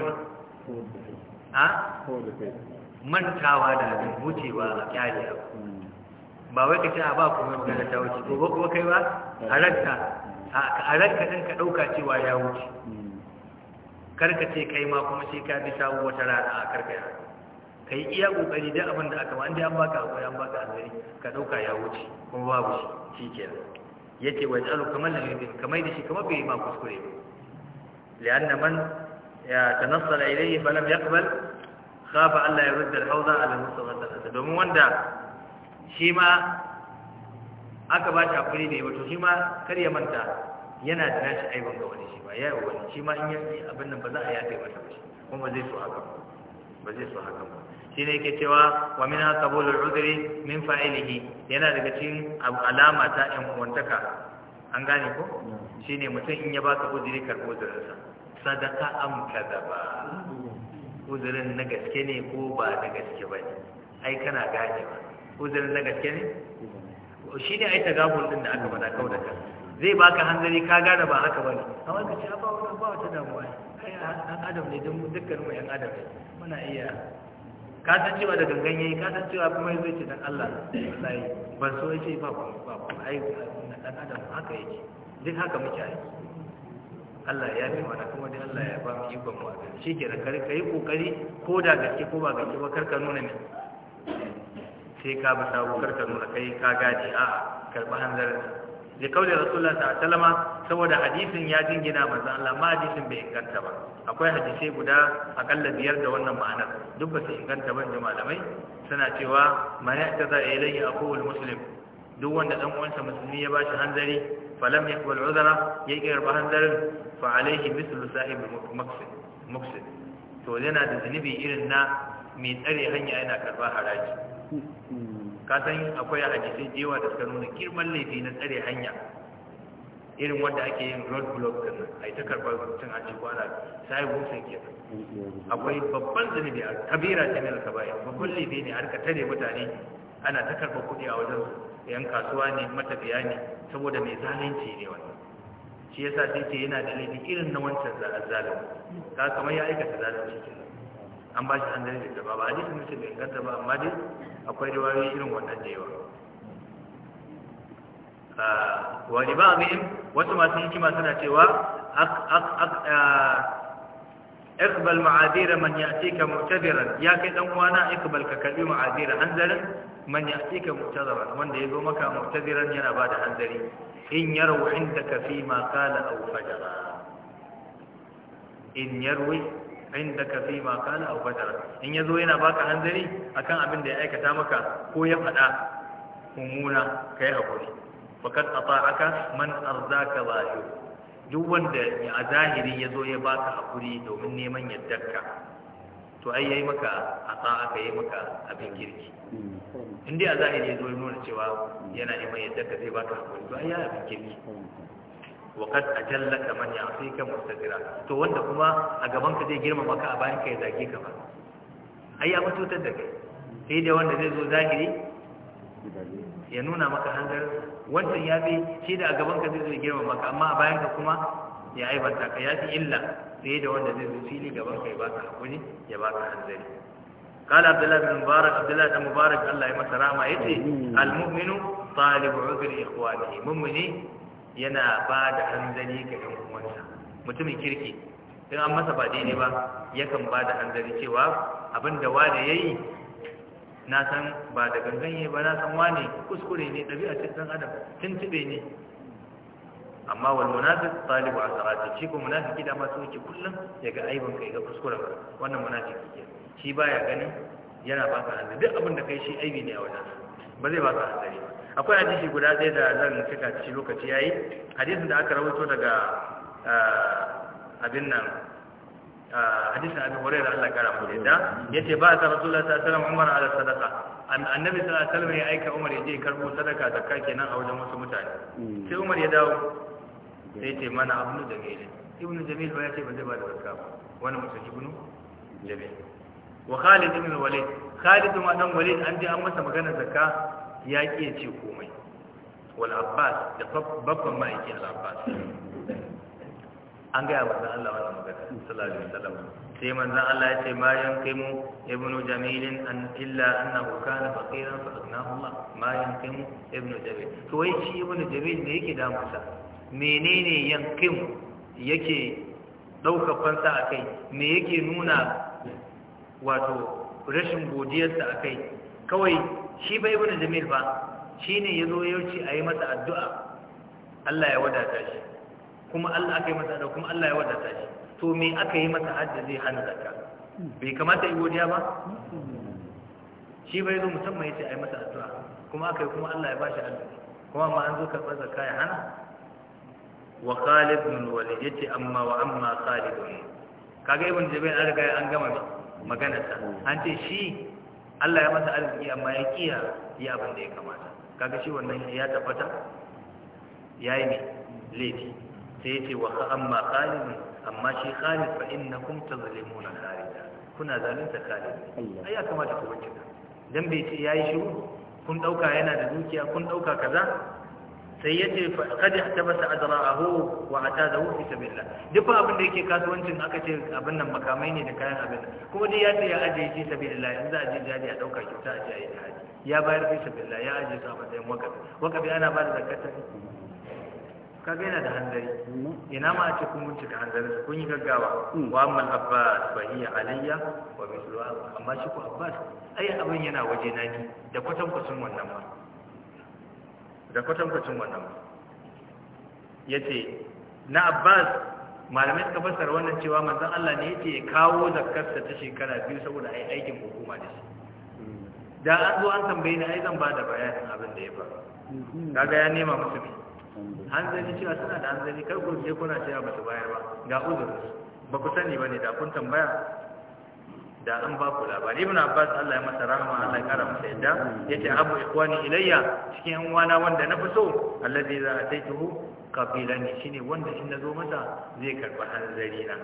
a mantawa da abin wucewa a kyale ba wai ka ce a ba kuma da ta wuce ko kuma kai ba a ranka a ranka din ka dauka cewa ya wuce karka ce kai ma kuma sai ka bi samu wata rana a karkaya ka yi iya ƙoƙari da abin da aka ba inda an baka akwai an baka alheri ka ɗauka ya wuce kuma babu shi shi kenan ya ce wani tsaro kamar da shi, kamar da shi kamar bai ma kuskure ba li'anna man ya tanassara ya falam yaqbal khafa Allah ya rudda al-hawza ala mustawa domin wanda shi ma aka ba ta kuri ne wato shi ma kar ya manta yana da nashi aibin ga wani shi ba ya yi wani shi ma in yanki abin nan ba za a yafe masa ba kuma zai so haka ba zai so haka ba shi ne ke cewa wa min qabulul udri min fa'ilihi yana daga cikin alama ta yan uwantaka an gane ko ne mutum in ya baka uzuri karɓi uzurinsa sadaka am kadaba uzurin na gaske ne ko ba na gaske ba ne ai kana gane ba uzurin na gaske ne shi ne ai tagabul din da aka bada kau da ka. zai baka hanzari ka gane ba haka ba ne amma ka ce ah, ba wata damuwa kai an adam ne dukkan mu yan adam ne muna iya ka san cewa da gangan yayi ka san cewa kuma zai ce dan Allah wallahi ban so yace ba ba ba ai na dan adam haka yake duk haka muke ai Allah ya fi mana kuma dai Allah ya ba mu ikon mu shi ke da karka yi kokari ko da gaske ko ba gaske ba karka nuna ne sai ka ba sabu karka nuna kai ka gaji a karba hanzarin da kaulin rasulullah ta salama saboda hadisin ya jingina manzan Allah ma hadisin bai inganta ba akwai hadisai guda akalla biyar da wannan ma'anar duk ba su inganta ba da malamai suna cewa man ya'taza ilayhi aqul muslim duk wanda dan uwansa musulmi ya bashi hanzari falam yaqbal uzra ya ba hanzarin fa alayhi mithlu sahib maqsid maqsid to yana da zunubi irin na mai tsare hanya yana karba haraji ka san akwai hadisai da yawa da suka nuna girman laifi na tsare hanya irin wanda ake yin road block din a ita karbar mutum a cikin ana sai wucin ke akwai babban zunubi a kabira ta ne bayan babban laifi ne a rika tare mutane ana ta karbar kuɗi a wajen yan kasuwa ne matafiya ne saboda mai zalunci ne wannan shi yasa sai ce yana da laifi irin na wancan zalunci ka kamar ya aikata zalunci kenan an ba shi an dare da ba ba hadisin mutum bai ganta ba amma dai akwai riwayoyi irin wannan da yawa wani ba a abin wasu masu hikima suna cewa ah, ikbal ma'azira man ya ka mu'tabiran ya kai dan uwana ikbal ka kalbi ma'azira hanzarin man ya ka mu'tabiran wanda yazo maka mu'tabiran yana bada hanzari in yarwu indaka fi ma qala aw fajara in yarwi ka fi ma kana aw badara in ya zo yana baka hanzari akan abin da ya aikata maka ko ya faɗa mummuna kai a fakat ata'aka man ka ba yi duk wanda a zahiri ya zo ya baka haƙuri domin neman yaddarka to ai yayi maka a aka yi maka abin kirki in dai a zahiri ya zo ya nuna cewa yana neman yaddarka zai baka haƙuri, to ai ya abin kirki wa kad ajallaka man ya'tika mustatira to wanda kuma a gaban ka zai girmama ka a bayan ka ya zage ka ba ai ya mututar da kai sai da wanda zai zo zahiri ya nuna maka hanzar wancan ya fi shi da a gaban ka zai zo girmama ka amma a bayan ka kuma ya aibanta ka ya fi illa sai da wanda zai zo fili gaban ka ya ba baka hakuri ya ba baka hanzari قال عبد الله بن مبارك عبد الله بن مبارك الله يمسى رحمه يتي المؤمن طالب عذر إخوانه مؤمني yana ba da hanzari ga ɗan uwansa mutumin kirki in an masa ba daidai ba yakan ba da hanzari cewa abin da wane ya yi na san ba da ganganye ba na san wane kuskure ne ɗabi'a cikin ɗan adam tuntube ne amma wani munafiq talibu a sa'a shi ko munafiki da masu ke kullum ya ga aibin kai ga kuskuren ba wannan munafiki ke shi baya ganin yana ba ka hanzari duk abin da kai shi aibi ne a wajen ba zai ba ka hanzari ba akwai hadisi guda ɗaya da zan cika ci lokaci yayi hadisin da aka rawaito daga abin nan hadisin abin da Allah kara kudi da ce ba a tsara tula ta tsara umar ala sadaka annabi sa alaihi ya aika umar ya je karbo sadaka kake kenan a wajen wasu mutane hmm. sai umar ya dawo sai ce mana abnu da gaile ibnu jamil ba ya ce ba zai ba da zakka ba wani mutum ibnu jamil wa khalid ibn walid khalid ma dan walid an je an masa magana zakka ya ƙi ya ce komai wal abbas da babban ma'aikin al abbas an gaya manzan Allah wannan magana sallallahu salam wasallam sai manzan Allah ya ce ma kaimu ibnu jamilin an illa annahu kana faqiran fa aghnahu Allah ma yankimu ibnu jamil to wai shi ibnu jamil ne yake damu menene yan yankimu yake dauka a kai me yake nuna wato rashin godiyarsa kai kawai shi ba ibn jamil ba shine yazo yauci yi masa addu'a Allah ya wadata shi kuma Allah aka yi masa addu'a kuma Allah ya wadata shi to me aka yi masa hajji zai hana zakka bai kamata yi godiya ba shi bai zo musamman ya ce a yi masa addu'a kuma aka yi kuma Allah ya ba shi addu'a kuma ma an zo karɓar zakka ya hana wa Khalid bin Walid yace amma wa amma Khalid kaga ibn Jubair an riga an gama magana ta an ce shi Allah ya masa arziki amma ya kiya ya abin da ya kamata kaga shi wannan ya tabbata yayi ne laifi sai ya ce wa amma khalid amma shi khalid fa innakum tazlimuna khalid kuna zalunta khalid ai ya kamata ku bincika dan bai ce yayi shi kun dauka yana da dukiya kun dauka kaza sai ya ce kad ihtabasa adra'ahu wa atadahu fi sabilillah duk abin da yake kasuwancin aka ce abin nan makamai ne da kayan abin kuma dai ya ce ya aje shi sabilillah yanzu a je jari a dauka kyauta a je a yi ya bayar fi sabilillah ya aje su a matsayin wakafi wakafi ana ba da zakatar kaga yana da hanzari ina ma a ce kun bincika hanzarin su kun yi gaggawa hmm. wa amma abbas ba hiya alayya wa mithluha amma shi ku abbas ai abin yana waje na ni da kwatankwacin wannan ma da kwatankwacin wannan ya ce na abbas malamai suka fassara wannan cewa manzan Allah ne ya ce kawo zakarsa ta shekara biyu saboda a yi aikin hukuma da shi da an zo an tambaye ni ai zan ba da bayanin abin da ya faru kaga ya nema musu ne hanzari cewa suna da hanzari kar ku je kuna cewa ba su bayar ba ga uzuri ba ku sani ba ne da kun tambaya da an ba ku labari ibn abbas Allah ya masa rahama Allah ya kara masa yadda yace abu ikwani ilayya cikin yan wana wanda na fi so za a taituhu kabilani shine wanda in nazo masa zai karba hanzari na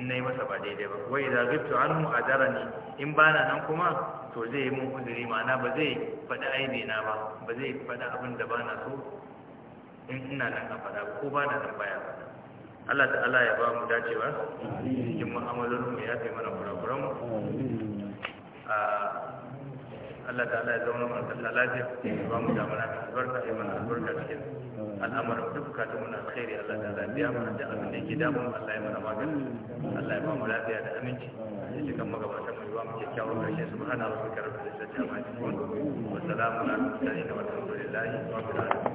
in nayi masa ba daidai ba wai idza ghibtu anhu adarani in bana nan kuma to zai yi mun uzuri ma'ana ba zai faɗi aibi na ba ba zai faɗi abin da bana so in ina nan a faɗa ko bana nan baya faɗa Allah ta'ala ya ba mu dacewa cikin mu ya fi mana kurakuran mu ah, Allah ta'ala ya zauna mana sallah lafiya ba mu damuna mai albarka ya mana albarka cikin al'amara duk bukatun muna alkhairi Allah ta'ala ya biya mana duk abin da yake damu Allah ya mana magana, Allah ya ba mu lafiya da aminci ya cika magabata mu ba mu kyakkyawan karshe subhanahu wa ta'ala rabbil izzati amma wa salamun ala wa rahmatullahi wa barakatuh